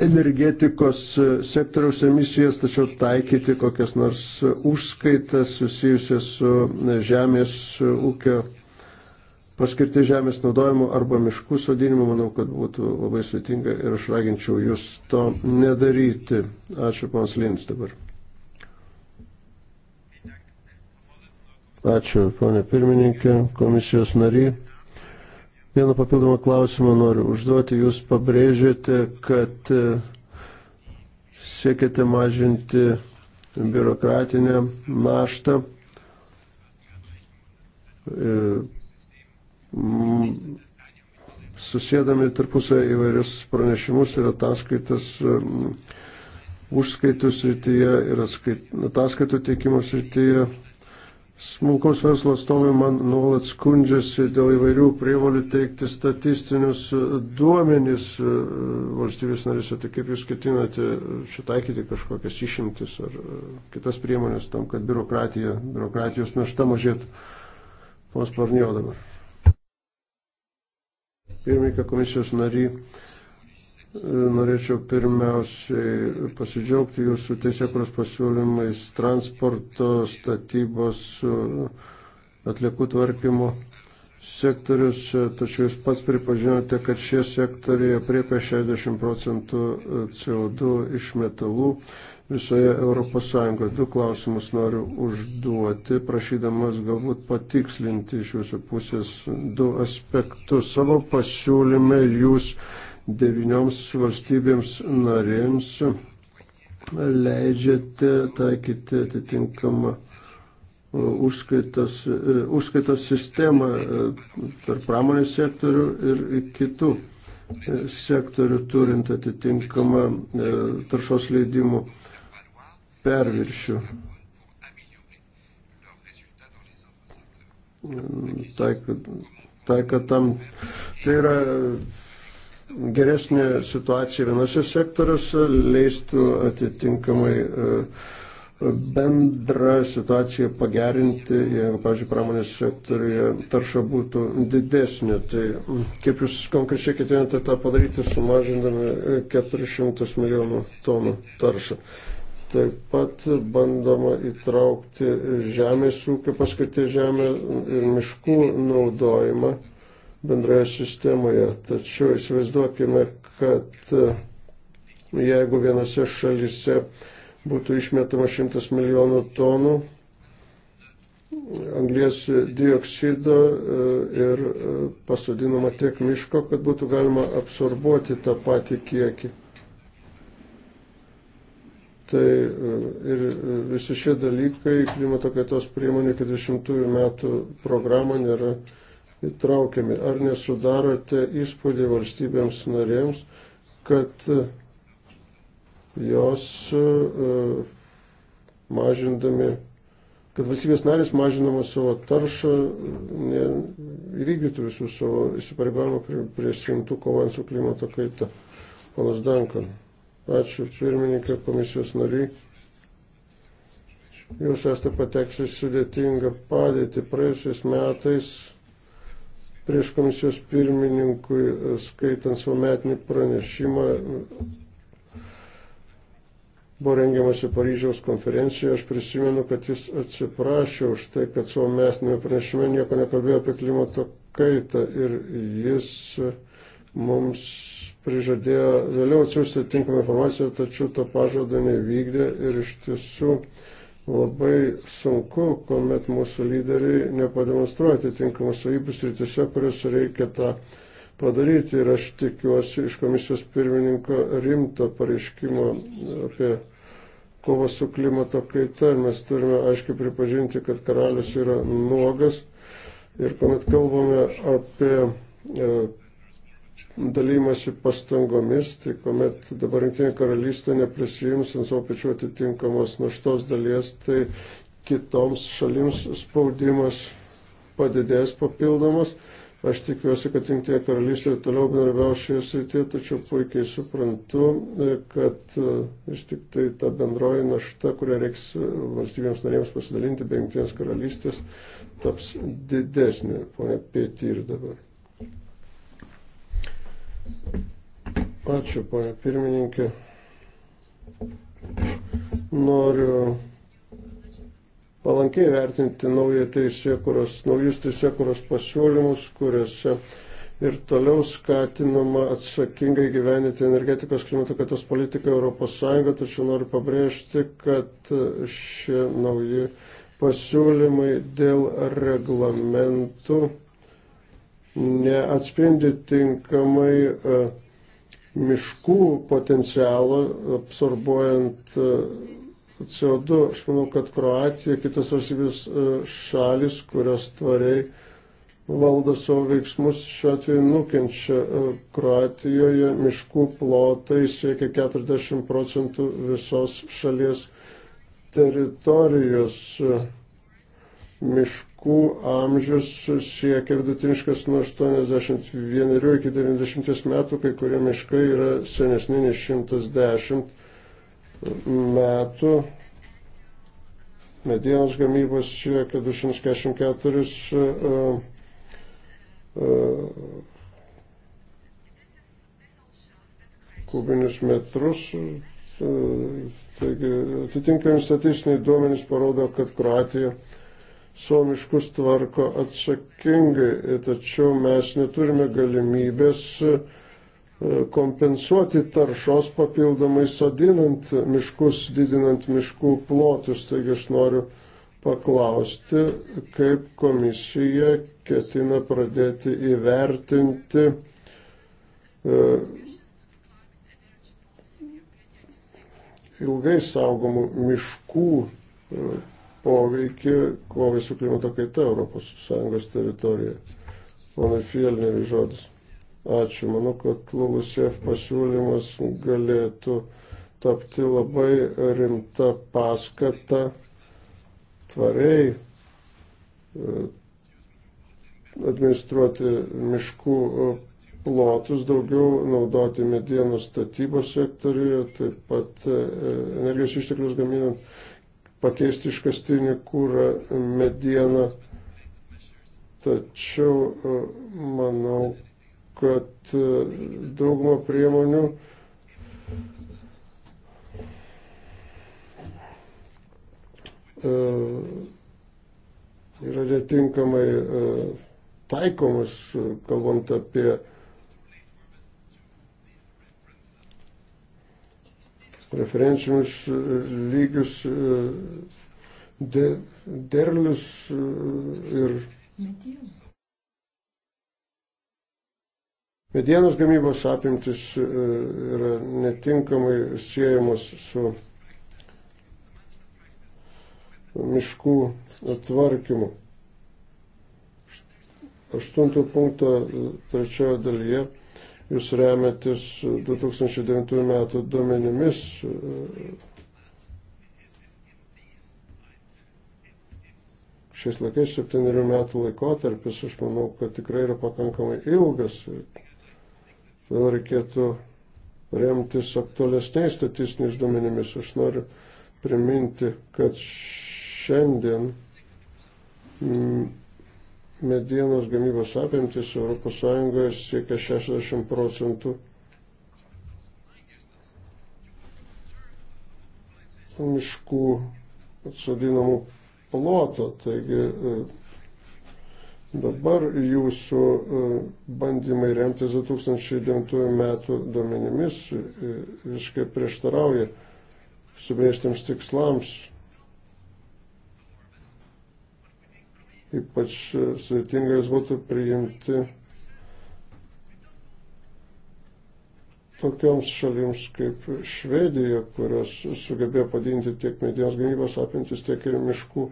energetikos e, sektoriaus emisijas, tačiau taikyti kokias nors užskaitas susijusias su e, žemės e, ūkio paskirti žemės naudojimu arba miškų sodinimu, manau, kad būtų labai sveitinga ir aš raginčiau jūs to nedaryti. Ačiū, pons Lins dabar. Ačiū, ponė pirmininkė, komisijos nariai. Vieną papildomą klausimą noriu užduoti. Jūs pabrėžėte, kad e, siekite mažinti biurokratinę naštą. E, Susėdami tarpusą įvairius pranešimus ir ataskaitas e, užskaitų srityje ir ataskaitų teikimo srityje Smulkaus verslo atstovai man nuolat skundžiasi dėl įvairių prievalių teikti statistinius e, duomenys e, valstybės narėse. Tai kaip jūs ketinate šitaikyti kažkokias išimtis ar e, kitas priemonės tam, kad biurokratija, biurokratijos našta mažėtų? Pons Parnio dabar. Pirmininką komisijos nary Norėčiau pirmiausiai pasidžiaugti jūsų teisėkuros pasiūlymais transporto, statybos, uh, atliekų tvarkymo sektorius, uh, tačiau jūs pats pripažinote, kad šie sektoriai apriepia 60 procentų uh, CO2 iš metalų visoje Europos Sąjungoje. Du klausimus noriu užduoti, prašydamas galbūt patikslinti iš jūsų pusės du aspektus. Savo pasiūlyme jūs devynioms valstybėms narėms leidžiate taikyti atitinkamą e, užskaitos, e, užskaitos sistemą e, per pramonės sektorių ir kitų sektorių turint atitinkamą taršos leidimų perviršių. Taika, taika tam, tai yra geresnė situacija vienose sektoriuose leistų atitinkamai e, bendrą situaciją pagerinti, jeigu, pavyzdžiui, pramonės sektoriuje tarša būtų didesnė. Tai kaip jūs konkrečiai ketinate tą padaryti, sumažindami 400 e, milijonų tonų taršą. Taip pat bandoma įtraukti žemės ūkio, paskirti žemę ir miškų naudojimą bendroje sistemoje. Tačiau įsivaizduokime, kad e, jeigu vienose šalise būtų išmetama 100 milijonų tonų anglės dioksido e, ir e, pasodinama tiek miško, kad būtų galima absorbuoti tą patį kiekį. Tai ir visi šie dalykai klimato kaitos priemonių 40 metų programą nėra įtraukiami. Ar nesudarote įspūdį valstybėms narėms, kad e, jos e, mažindami, kad valstybės narės mažinamos savo taršą, įvykdytų visus savo įsipareigojimą prie, prie simtų kovant su klimato kaita. Ponas Dankan, ačiū pirmininkė komisijos nariai. Jūs esate pateksęs sudėtingą padėtį. Praėjusiais metais prieš komisijos pirmininkui, e, skaitant savo metinį pranešimą, buvo rengiamasi Paryžiaus konferencijoje, aš prisimenu, kad jis atsiprašė už tai, kad savo metinėme pranešime nieko nekalbėjo apie klimato kaitą ir jis e, mums prižadėjo vėliau atsiųsti tinkamą informaciją, tačiau to pažado nevykdė ir iš tiesų uh, labai sunku, kuomet mūsų lyderiai nepademonstruoja atitinkamus savybus ir tiesiog, kuriuos reikia tą padaryti. Ir aš tikiuosi iš komisijos pirmininko rimto pareiškimo apie kovą su klimato kaita. Ir mes turime aiškiai pripažinti, kad karalius yra nuogas. Ir kuomet kalbame apie e, dalymasi pastangomis, tai kuomet dabar rinktinė karalystė neprisijims ant savo pečių atitinkamos naštos dalies, tai kitoms šalims spaudimas padidės papildomas. Aš tikiuosi, kad Junktinė karalystė ir toliau bendrabiau šioje srityje, tačiau puikiai suprantu, e, kad e, vis tik tai ta bendroji našta, kurią reiks e, valstybėms narėms pasidalinti be Junktinės karalystės, taps didesnė, ponia Pėtyr dabar. Ačiū, ponia pirmininkė. Noriu palankiai vertinti teisėkuros, naujus teisėkuros pasiūlymus, kuriuose ir toliau skatinama atsakingai gyveninti energetikos klimato kaitos politiką ES, tačiau noriu pabrėžti, kad šie nauji pasiūlymai dėl reglamentų neatspindi tinkamai e, miškų potencialą absorbuojant e, CO2. Aš manau, kad Kroatija, kitas valstybės e, šalis, kurios tvariai valdo savo veiksmus, šiuo atveju nukenčia. Kroatijoje miškų plotai siekia 40 procentų visos šalies teritorijos miškų aukų amžius siekia vidutiniškas nuo 81 iki 90 metų, kai kurie miškai yra senesni nei 110 metų. Medienos gamybos siekia 244 uh, uh, kubinius metrus. Uh, taigi atitinkami statistiniai duomenys parodo, kad Kroatija uh, savo miškus tvarko atsakingai, tačiau mes neturime galimybės e, kompensuoti taršos papildomai sodinant miškus, didinant miškų plotus. Taigi aš noriu paklausti, kaip komisija ketina pradėti įvertinti e, ilgai saugomų miškų e, poveikį kovai su klimato kaita ES teritorijoje. Mano Fielneriui žodis. Ačiū. Manau, kad LULUSEF pasiūlymas galėtų tapti labai rimta paskata tvariai e, administruoti miškų e, plotus, daugiau naudoti medienos statybos sektoriuje, taip pat e, energijos išteklius gaminant pakeisti iškastinį kūrą e, medieną. Tačiau e, manau, kad e, daugumą priemonių yra netinkamai taikomas, kalbant apie referencinius e, lygius, e, de, derlius e, ir medienos gamybos apimtis yra netinkamai siejamos su miškų tvarkymu. Aštunto punkto trečiojo dalyje jūs remiatis 2009 metų duomenimis. E, šiais laikais septynerių metų laikotarpis, aš manau, kad tikrai yra pakankamai ilgas. Todėl reikėtų remtis aktualesniais statistiniais duomenimis. Aš noriu priminti, kad šiandien mm, medienos gamybos apimtis ES siekia 60 procentų. miškų atsodinamų ploto. Taigi e, dabar jūsų e, bandymai remtis 2009 metų duomenimis e, visiškai prieštarauja subrėžtiems tikslams ypač e, sudėtinga jis būtų priimti tokioms šalims kaip Švedija, kurios sugebėjo padinti tiek medienos gamybos apimtis, tiek ir miškų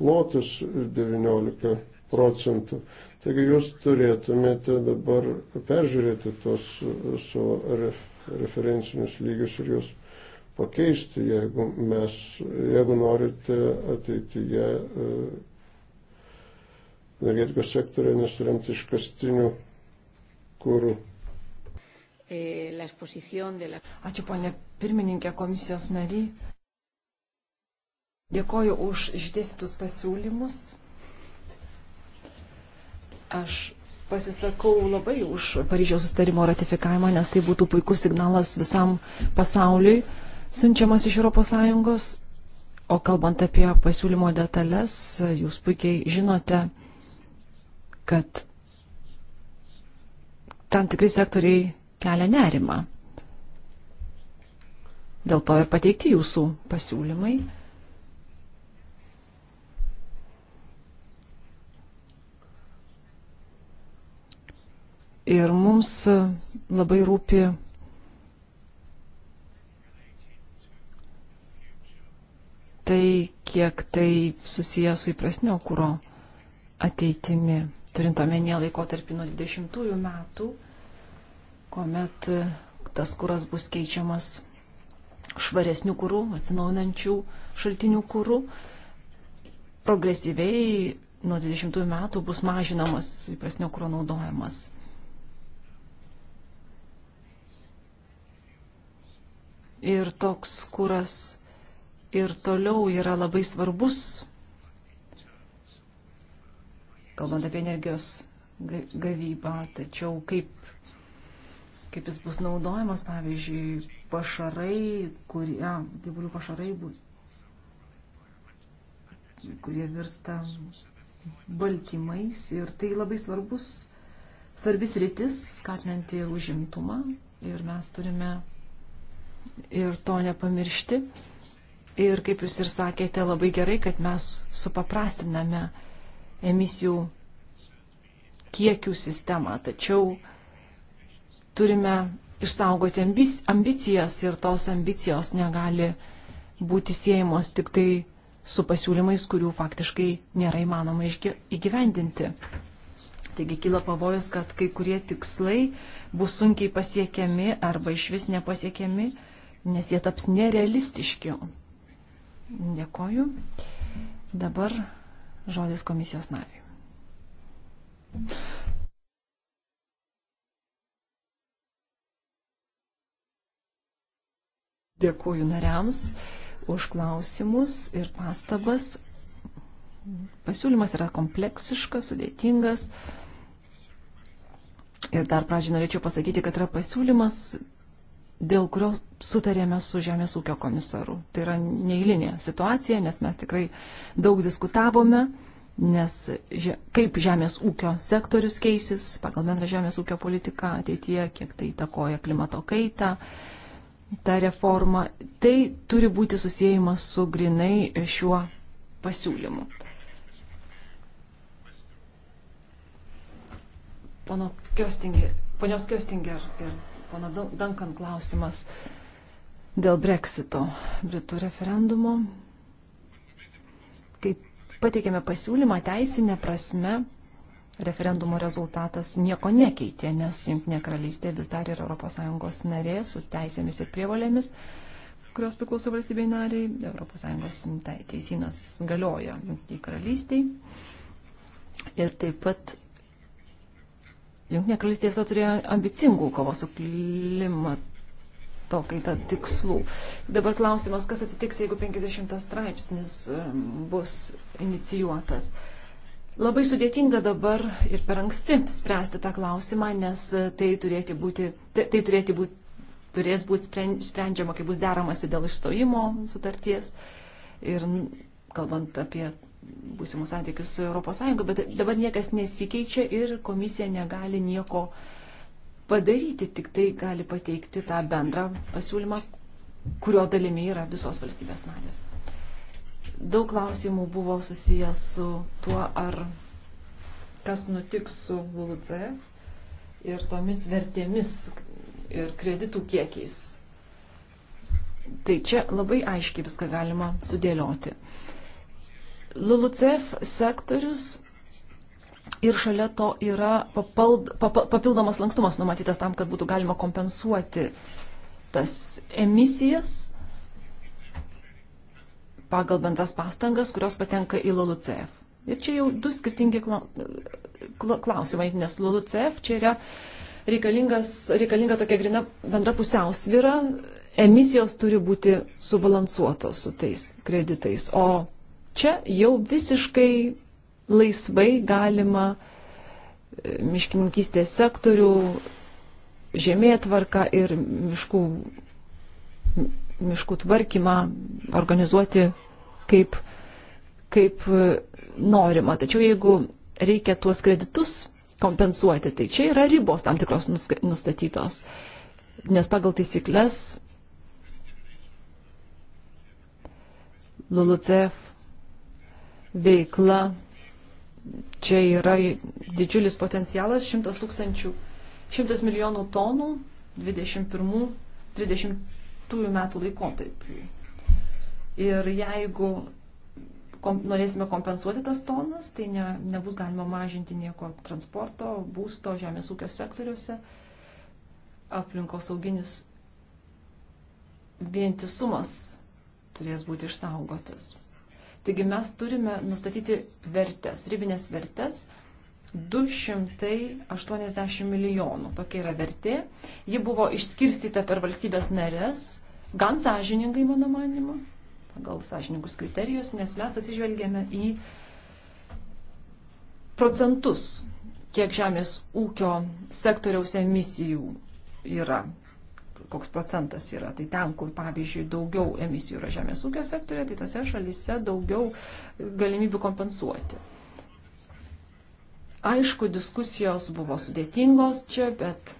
plotus 19 procentų. Taigi jūs turėtumėte dabar peržiūrėti tos e, savo referencinius lygius ir jūs pakeisti, jeigu mes, jeigu norite ateityje e, energetikos sektorė nesiremti iškastinių kūrų. Eh, Ačiū ponė pirmininkė komisijos nariai. Dėkoju už išdėstytus pasiūlymus. Aš pasisakau labai už Paryžiaus sustarimo ratifikavimą, nes tai būtų puikus signalas visam pasauliui siunčiamas iš ES. O kalbant apie pasiūlymo detalės, jūs puikiai žinote, kad tam tikri sektoriai kelia nerimą. Dėl to ir pateikti jūsų pasiūlymai. Ir mums labai rūpi tai, kiek tai susijęs su įprasnio kūro ateitimi turint omenyje laikotarpį nuo 20 metų, kuomet e, tas kuras bus keičiamas švaresnių kūrų, atsinaunančių šaltinių kūrų. Progresyviai nuo 20 metų bus mažinamas įprasnio kūro naudojimas. Ir toks kūras ir toliau yra labai svarbus kalbant apie energijos gavybą, tačiau kaip, kaip jis bus naudojamas, pavyzdžiui, pašarai, kurie, ja, gyvulių pašarai, kurie virsta baltymais ir tai labai svarbus, svarbis rytis, skatinanti užimtumą ir mes turime ir to nepamiršti. Ir kaip jūs ir sakėte, labai gerai, kad mes supaprastiname uh, emisijų kiekių sistemą, tačiau turime išsaugoti ambicijas ir tos ambicijos negali būti siejamos tik tai su pasiūlymais, kurių faktiškai nėra įmanoma įgyvendinti. Taigi kyla pavojus, kad kai kurie tikslai bus sunkiai pasiekiami arba iš vis nepasiekiami, nes jie taps nerealistiški. Dėkoju. Dabar Žodis komisijos nariui. Dėkuoju nariams už klausimus ir pastabas. Pasiūlymas yra kompleksiškas, sudėtingas. Ir dar pradžiai norėčiau pasakyti, kad yra pasiūlymas dėl kurio sutarėme su Žemės ūkio komisaru. Tai yra neįlinė situacija, nes mes tikrai daug diskutavome, nes kaip Žemės ūkio sektorius keisis pagal bendrą Žemės ūkio politiką ateityje, kiek tai įtakoja klimato kaitą, ta reforma, tai turi būti susijęjama su grinai šiuo pasiūlymu. Pono Kjostinger, ponios Kjostinger ir Pana Dankan klausimas dėl breksito, Britų referendumo. Kai pateikėme pasiūlymą teisinę prasme, referendumo rezultatas nieko nekeitė, nes Junktinė karalystė vis dar yra ES narė su teisėmis ir prievolėmis kurios priklauso valstybei nariai, ES teisinas galioja Junktiniai karalystiai. Ir taip pat Junktinė karalystė visą turėjo ambicingų kovos su klimato kaita tikslų. Dabar klausimas, kas atsitiks, jeigu 50 straipsnis bus inicijuotas. Labai sudėtinga dabar ir per anksti spręsti tą klausimą, nes e, tai, turėti būti, tai, tai turėti būti, turės būti sprendžiama, kai bus deramasi dėl išstojimo sutarties. Ir kalbant apie būsimus santykius su ES, bet dabar niekas nesikeičia ir komisija negali nieko padaryti, tik tai gali pateikti tą bendrą pasiūlymą, kurio dalimi yra visos valstybės narės. Daug klausimų buvo susijęs su tuo, ar kas nutiks su LULUCF ir tomis vertėmis ir kreditų kiekiais. Tai čia labai aiškiai viską galima sudėlioti. LULUCEF sektorius ir šalia to yra papald, pap, papildomas lankstumas numatytas tam, kad būtų galima kompensuoti tas emisijas pagal bendras pastangas, kurios patenka į LULUCEF. Ir čia jau du skirtingi klausimai, nes LULUCEF čia yra reikalinga tokia grina bendra pusiausvyra, emisijos turi būti subalansuotos su tais kreditais, o Čia jau visiškai laisvai galima e, miškininkystės sektorių, žemėtvarką ir miškų, miškų tvarkymą organizuoti kaip, kaip e, norima. Tačiau jeigu reikia tuos kreditus kompensuoti, tai čia yra ribos tam tikros nustatytos. Nes pagal taisyklės LULUCEF veikla. Čia yra didžiulis potencialas - 100 tūkstančių, 100 milijonų tonų 21-30 metų laikotarpiui. Ir jeigu kom, norėsime kompensuoti tas tonas, tai ne, nebus galima mažinti nieko transporto, būsto, žemės ūkio sektoriuose. Aplinkosauginis vientisumas turės būti išsaugotas. Taigi mes turime nustatyti vertės, ribinės vertės 280 milijonų. Tokia yra vertė. Ji buvo išskirstyta per valstybės narės, gan sąžiningai, mano manimu, pagal sąžiningus kriterijus, nes mes atsižvelgėme į procentus, kiek žemės ūkio sektoriaus emisijų yra koks procentas yra. Tai ten, kur pavyzdžiui daugiau emisijų yra žemės ūkio sektorė, tai tose šalyse daugiau galimybių kompensuoti. Aišku, diskusijos buvo sudėtingos čia, bet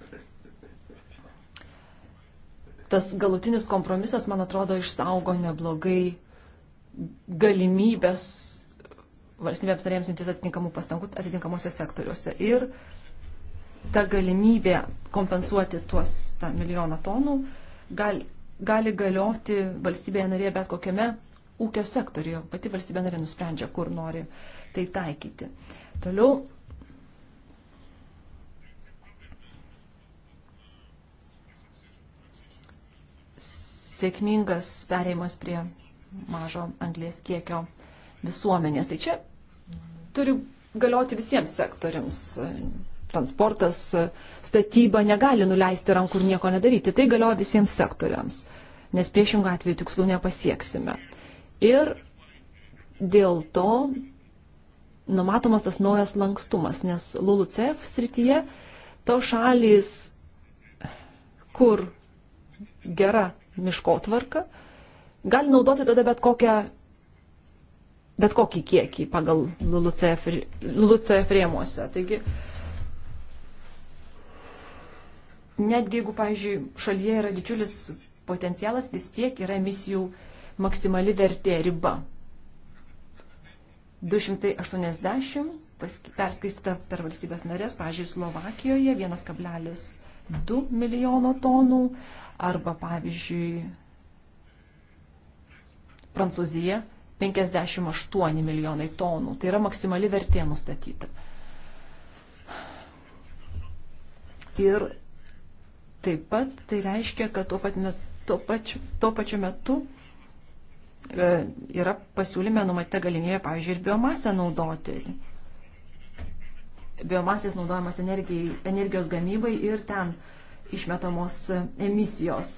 tas galutinis kompromisas, man atrodo, išsaugo neblogai galimybės valstybėms narėms imtis atitinkamų pastangų atitinkamuose sektoriuose. Ir uh, ta galimybė kompensuoti tuos tą milijoną tonų gali, gali galioti valstybėje narėje bet kokiame ūkio sektoriuje. Pati valstybė narė nusprendžia, kur nori tai taikyti. Toliau. Sėkmingas pereimas prie mažo anglės kiekio visuomenės. Tai čia turi galioti visiems sektoriams transportas, statyba negali nuleisti rankų ir nieko nedaryti. Tai galioja visiems sektoriams, nes priešingų atveju tikslų nepasieksime. Ir dėl to numatomas tas naujas lankstumas, nes LULUCEF srityje to šalys, kur gera miškotvarka, gali naudoti tada bet kokią bet kokį kiekį pagal LULUCF rėmuose. Taigi netgi jeigu, pavyzdžiui, šalyje yra didžiulis potencialas, vis tiek yra emisijų maksimali vertė riba. 280 perskaista per valstybės narės, pavyzdžiui, Slovakijoje 1,2 milijono tonų arba, pavyzdžiui, Prancūzija 58 milijonai tonų. Tai yra maksimali vertė nustatyta. Ir Taip pat tai reiškia, kad tuo, pat met, tuo, pačiu, tuo pačiu metu e, yra pasiūlyme numatyta galimybė, pavyzdžiui, ir biomasę naudoti. Biomasės naudojamas energijai, energijos gamybai ir ten išmetamos emisijos.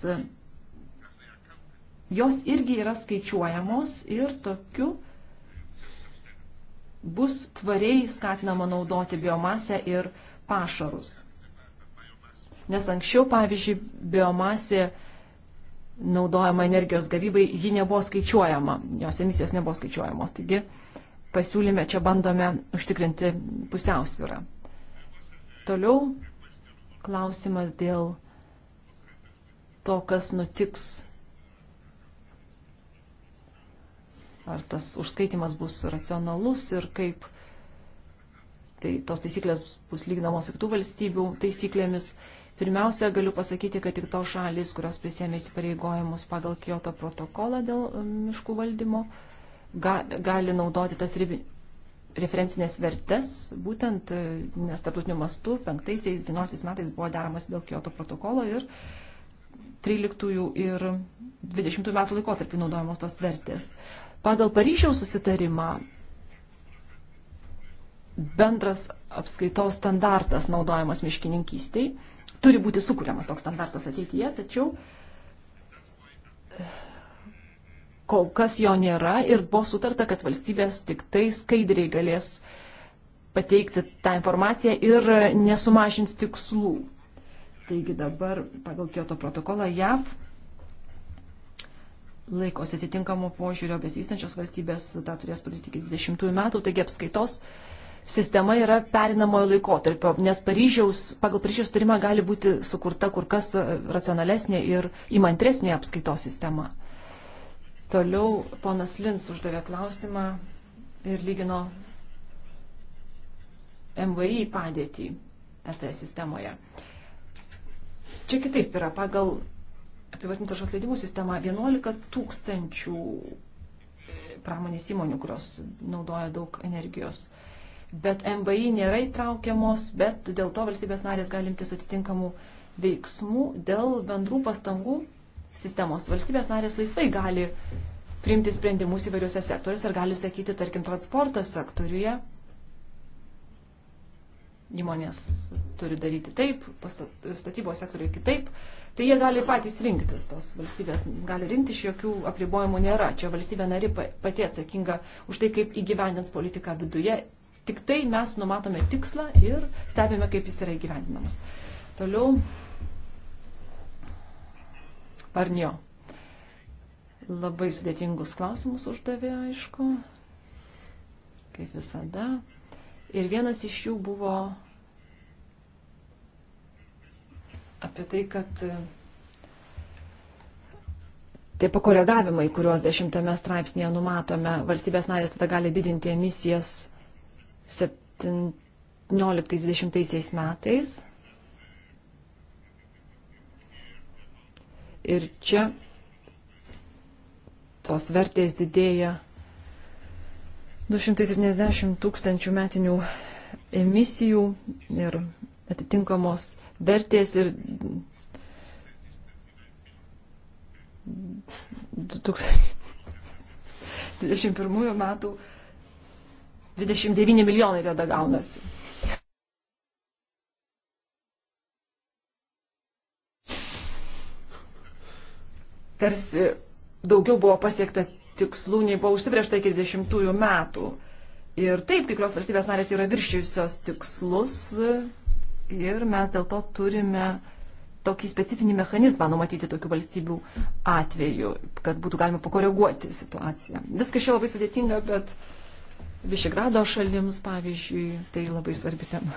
Jos irgi yra skaičiuojamos ir tokiu bus tvariai skatinama naudoti biomasę ir pašarus nes anksčiau, pavyzdžiui, biomasė naudojama energijos gavybai, ji nebuvo skaičiuojama, jos emisijos nebuvo skaičiuojamos. Taigi pasiūlyme čia bandome užtikrinti pusiausvyrą. Toliau klausimas dėl to, kas nutiks ar tas užskaitimas bus racionalus ir kaip tai tos taisyklės bus lyginamos su kitų valstybių taisyklėmis. Pirmiausia, galiu pasakyti, kad tik tos šalis, kurios prisėmė įsipareigojimus pagal Kyoto protokolą dėl e, miškų valdymo, ga, gali naudoti tas ribi, referencinės vertes, būtent e, nes tarptautiniu mastu 5-19 metais buvo deramas dėl Kyoto protokolo ir 13 ir 20 metų laikotarpį naudojamos tos vertės. Pagal Paryžiaus susitarimą bendras apskaitos standartas naudojamas miškininkystiai turi būti sukūriamas toks standartas ateityje, tačiau eh, kol kas jo nėra ir buvo sutarta, kad valstybės tik tai skaidriai galės pateikti tą informaciją ir nesumažins tikslų. Taigi dabar pagal Kyoto protokolą JAV laikosi atitinkamo požiūrio besivystančios valstybės, tą turės padaryti iki 20 metų, taigi apskaitos uh, sistema yra perinamojo laikotarpio, nes Paryžiaus, pagal Paryžiaus tarimą gali būti sukurta kur kas racionalesnė ir įmantresnė apskaitos sistema. Toliau ponas Lins uždavė klausimą ir lygino MVI padėtį ETS sistemoje. Čia kitaip yra. Pagal apivartintos šios leidimų sistemą 11 tūkstančių pramonės įmonių, kurios naudoja daug energijos. Uh, bet MBI nėra įtraukiamos, bet dėl to valstybės narės galimtis atitinkamų veiksmų dėl bendrų pastangų sistemos. Valstybės narės laisvai gali priimti sprendimus įvairiuose sektoriuose ir gali sakyti, tarkim, transporto sektoriuje įmonės turi daryti taip, statybos sektoriuje kitaip, tai jie gali patys rinktis, tos valstybės gali rinktis, jokių apribojimų nėra. Čia valstybė nari pati atsakinga už tai, kaip įgyvendins politiką viduje Tik tai mes numatome tikslą ir stebime, kaip jis yra įgyvendinamas. Toliau. Parnio. Labai sudėtingus klausimus uždavė, aišku, kaip visada. Ir vienas iš jų buvo apie tai, kad e, tie pakoregavimai, kuriuos dešimtame straipsnėje numatome, valstybės narės tada gali didinti emisijas 17-20 metais. Ir čia tos vertės didėja 270 tūkstančių metinių emisijų ir atitinkamos vertės ir 2021 metų 29 milijonai tada gaunasi. Tarsi daugiau buvo pasiekta tikslų, nei buvo užsibriešta iki 20 metų. Ir taip, kai kurios valstybės narės yra viršijusios tikslus ir mes dėl to turime tokį specifinį mechanizmą numatyti tokių valstybių atveju, kad būtų galima pakoreguoti situaciją. Viskas čia labai sudėtinga, bet uh, Višigrado šalims, pavyzdžiui, tai labai svarbi tema.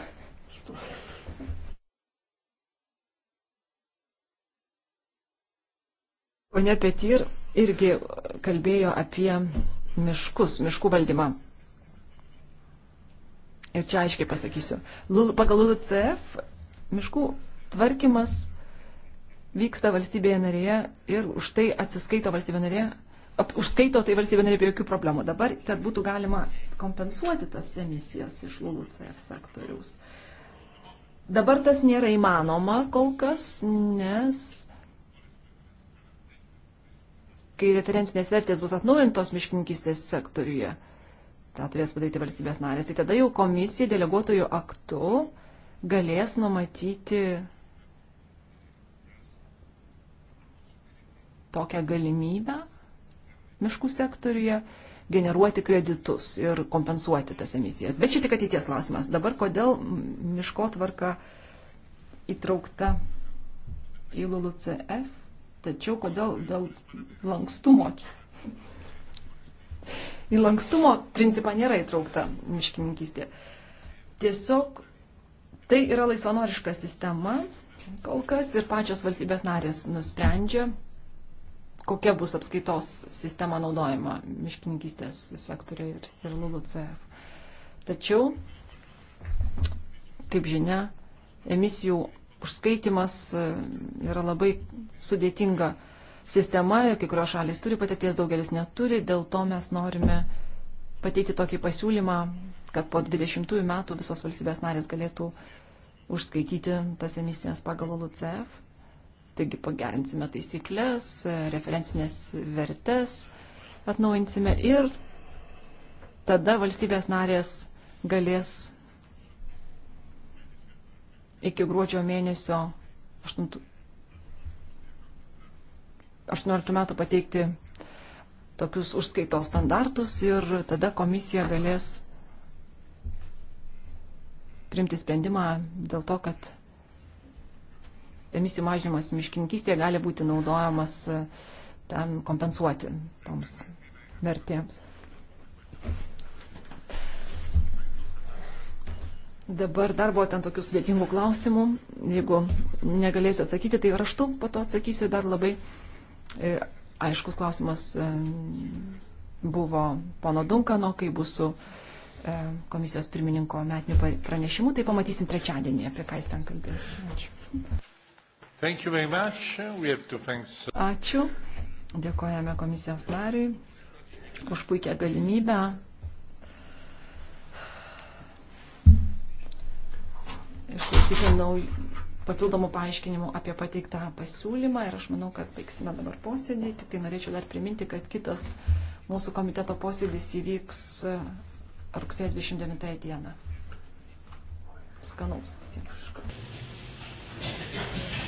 Pone Petir irgi kalbėjo apie miškus, miškų valdymą. Ir čia aiškiai pasakysiu. Pagal LUCF miškų tvarkymas vyksta valstybėje narėje ir už tai atsiskaito valstybė narėje užskaito tai valstybė narė be jokių problemų. Dabar, kad būtų galima kompensuoti tas emisijas iš LULUCF sektoriaus. Dabar tas nėra įmanoma kol kas, nes kai referencinės vertės bus atnaujintos miškininkystės sektoriuje, tą turės padaryti valstybės narės, tai tada jau komisija deleguotojų aktu galės numatyti tokią galimybę miškų sektoriuje generuoti kreditus ir kompensuoti tas emisijas. Bet šitik ateities klausimas. Dabar kodėl miško tvarka įtraukta į LULUCF, tačiau kodėl dėl lankstumo. Į lankstumo principą nėra įtraukta miškininkystė. Tiesiog tai yra laisvanoriška sistema kol kas ir pačios valstybės narės nusprendžia, kokia bus apskaitos sistema naudojama miškininkystės sektoriai ir, ir LULUCF. Tačiau, kaip žinia, emisijų užskaitimas e, yra labai sudėtinga sistema, kai kurios šalis turi patirties, daugelis neturi, dėl to mes norime pateikti tokį pasiūlymą, kad po 20 metų visos valstybės narės galėtų užskaityti tas emisijas pagal LUCF Taigi pagerinsime taisyklės, referencinės vertes, atnaujinsime ir tada valstybės narės galės iki gruodžio mėnesio 18 metų pateikti tokius užskaitos standartus ir tada komisija galės priimti sprendimą dėl to, kad emisijų mažinimas miškininkystėje gali būti naudojamas e, tam kompensuoti toms vertėms. Dabar dar buvo ten tokių sudėtingų klausimų. Jeigu negalėsiu atsakyti, tai raštu po to atsakysiu. Dar labai e, aiškus klausimas e, buvo pono Dunkano, kai bus su komisijos pirmininko metiniu pranešimu. Tai pamatysim trečiadienį, apie ką jis ten kalbės. Ačiū. Ačiū. Dėkojame komisijos nariui už puikią galimybę. Išklausyti naujų papildomų paaiškinimų apie pateiktą pasiūlymą ir aš manau, kad baigsime dabar posėdį. Tik tai norėčiau dar priminti, kad kitas mūsų komiteto posėdis įvyks rugsėjo 29 dieną. Skanaus visiems. Thank you.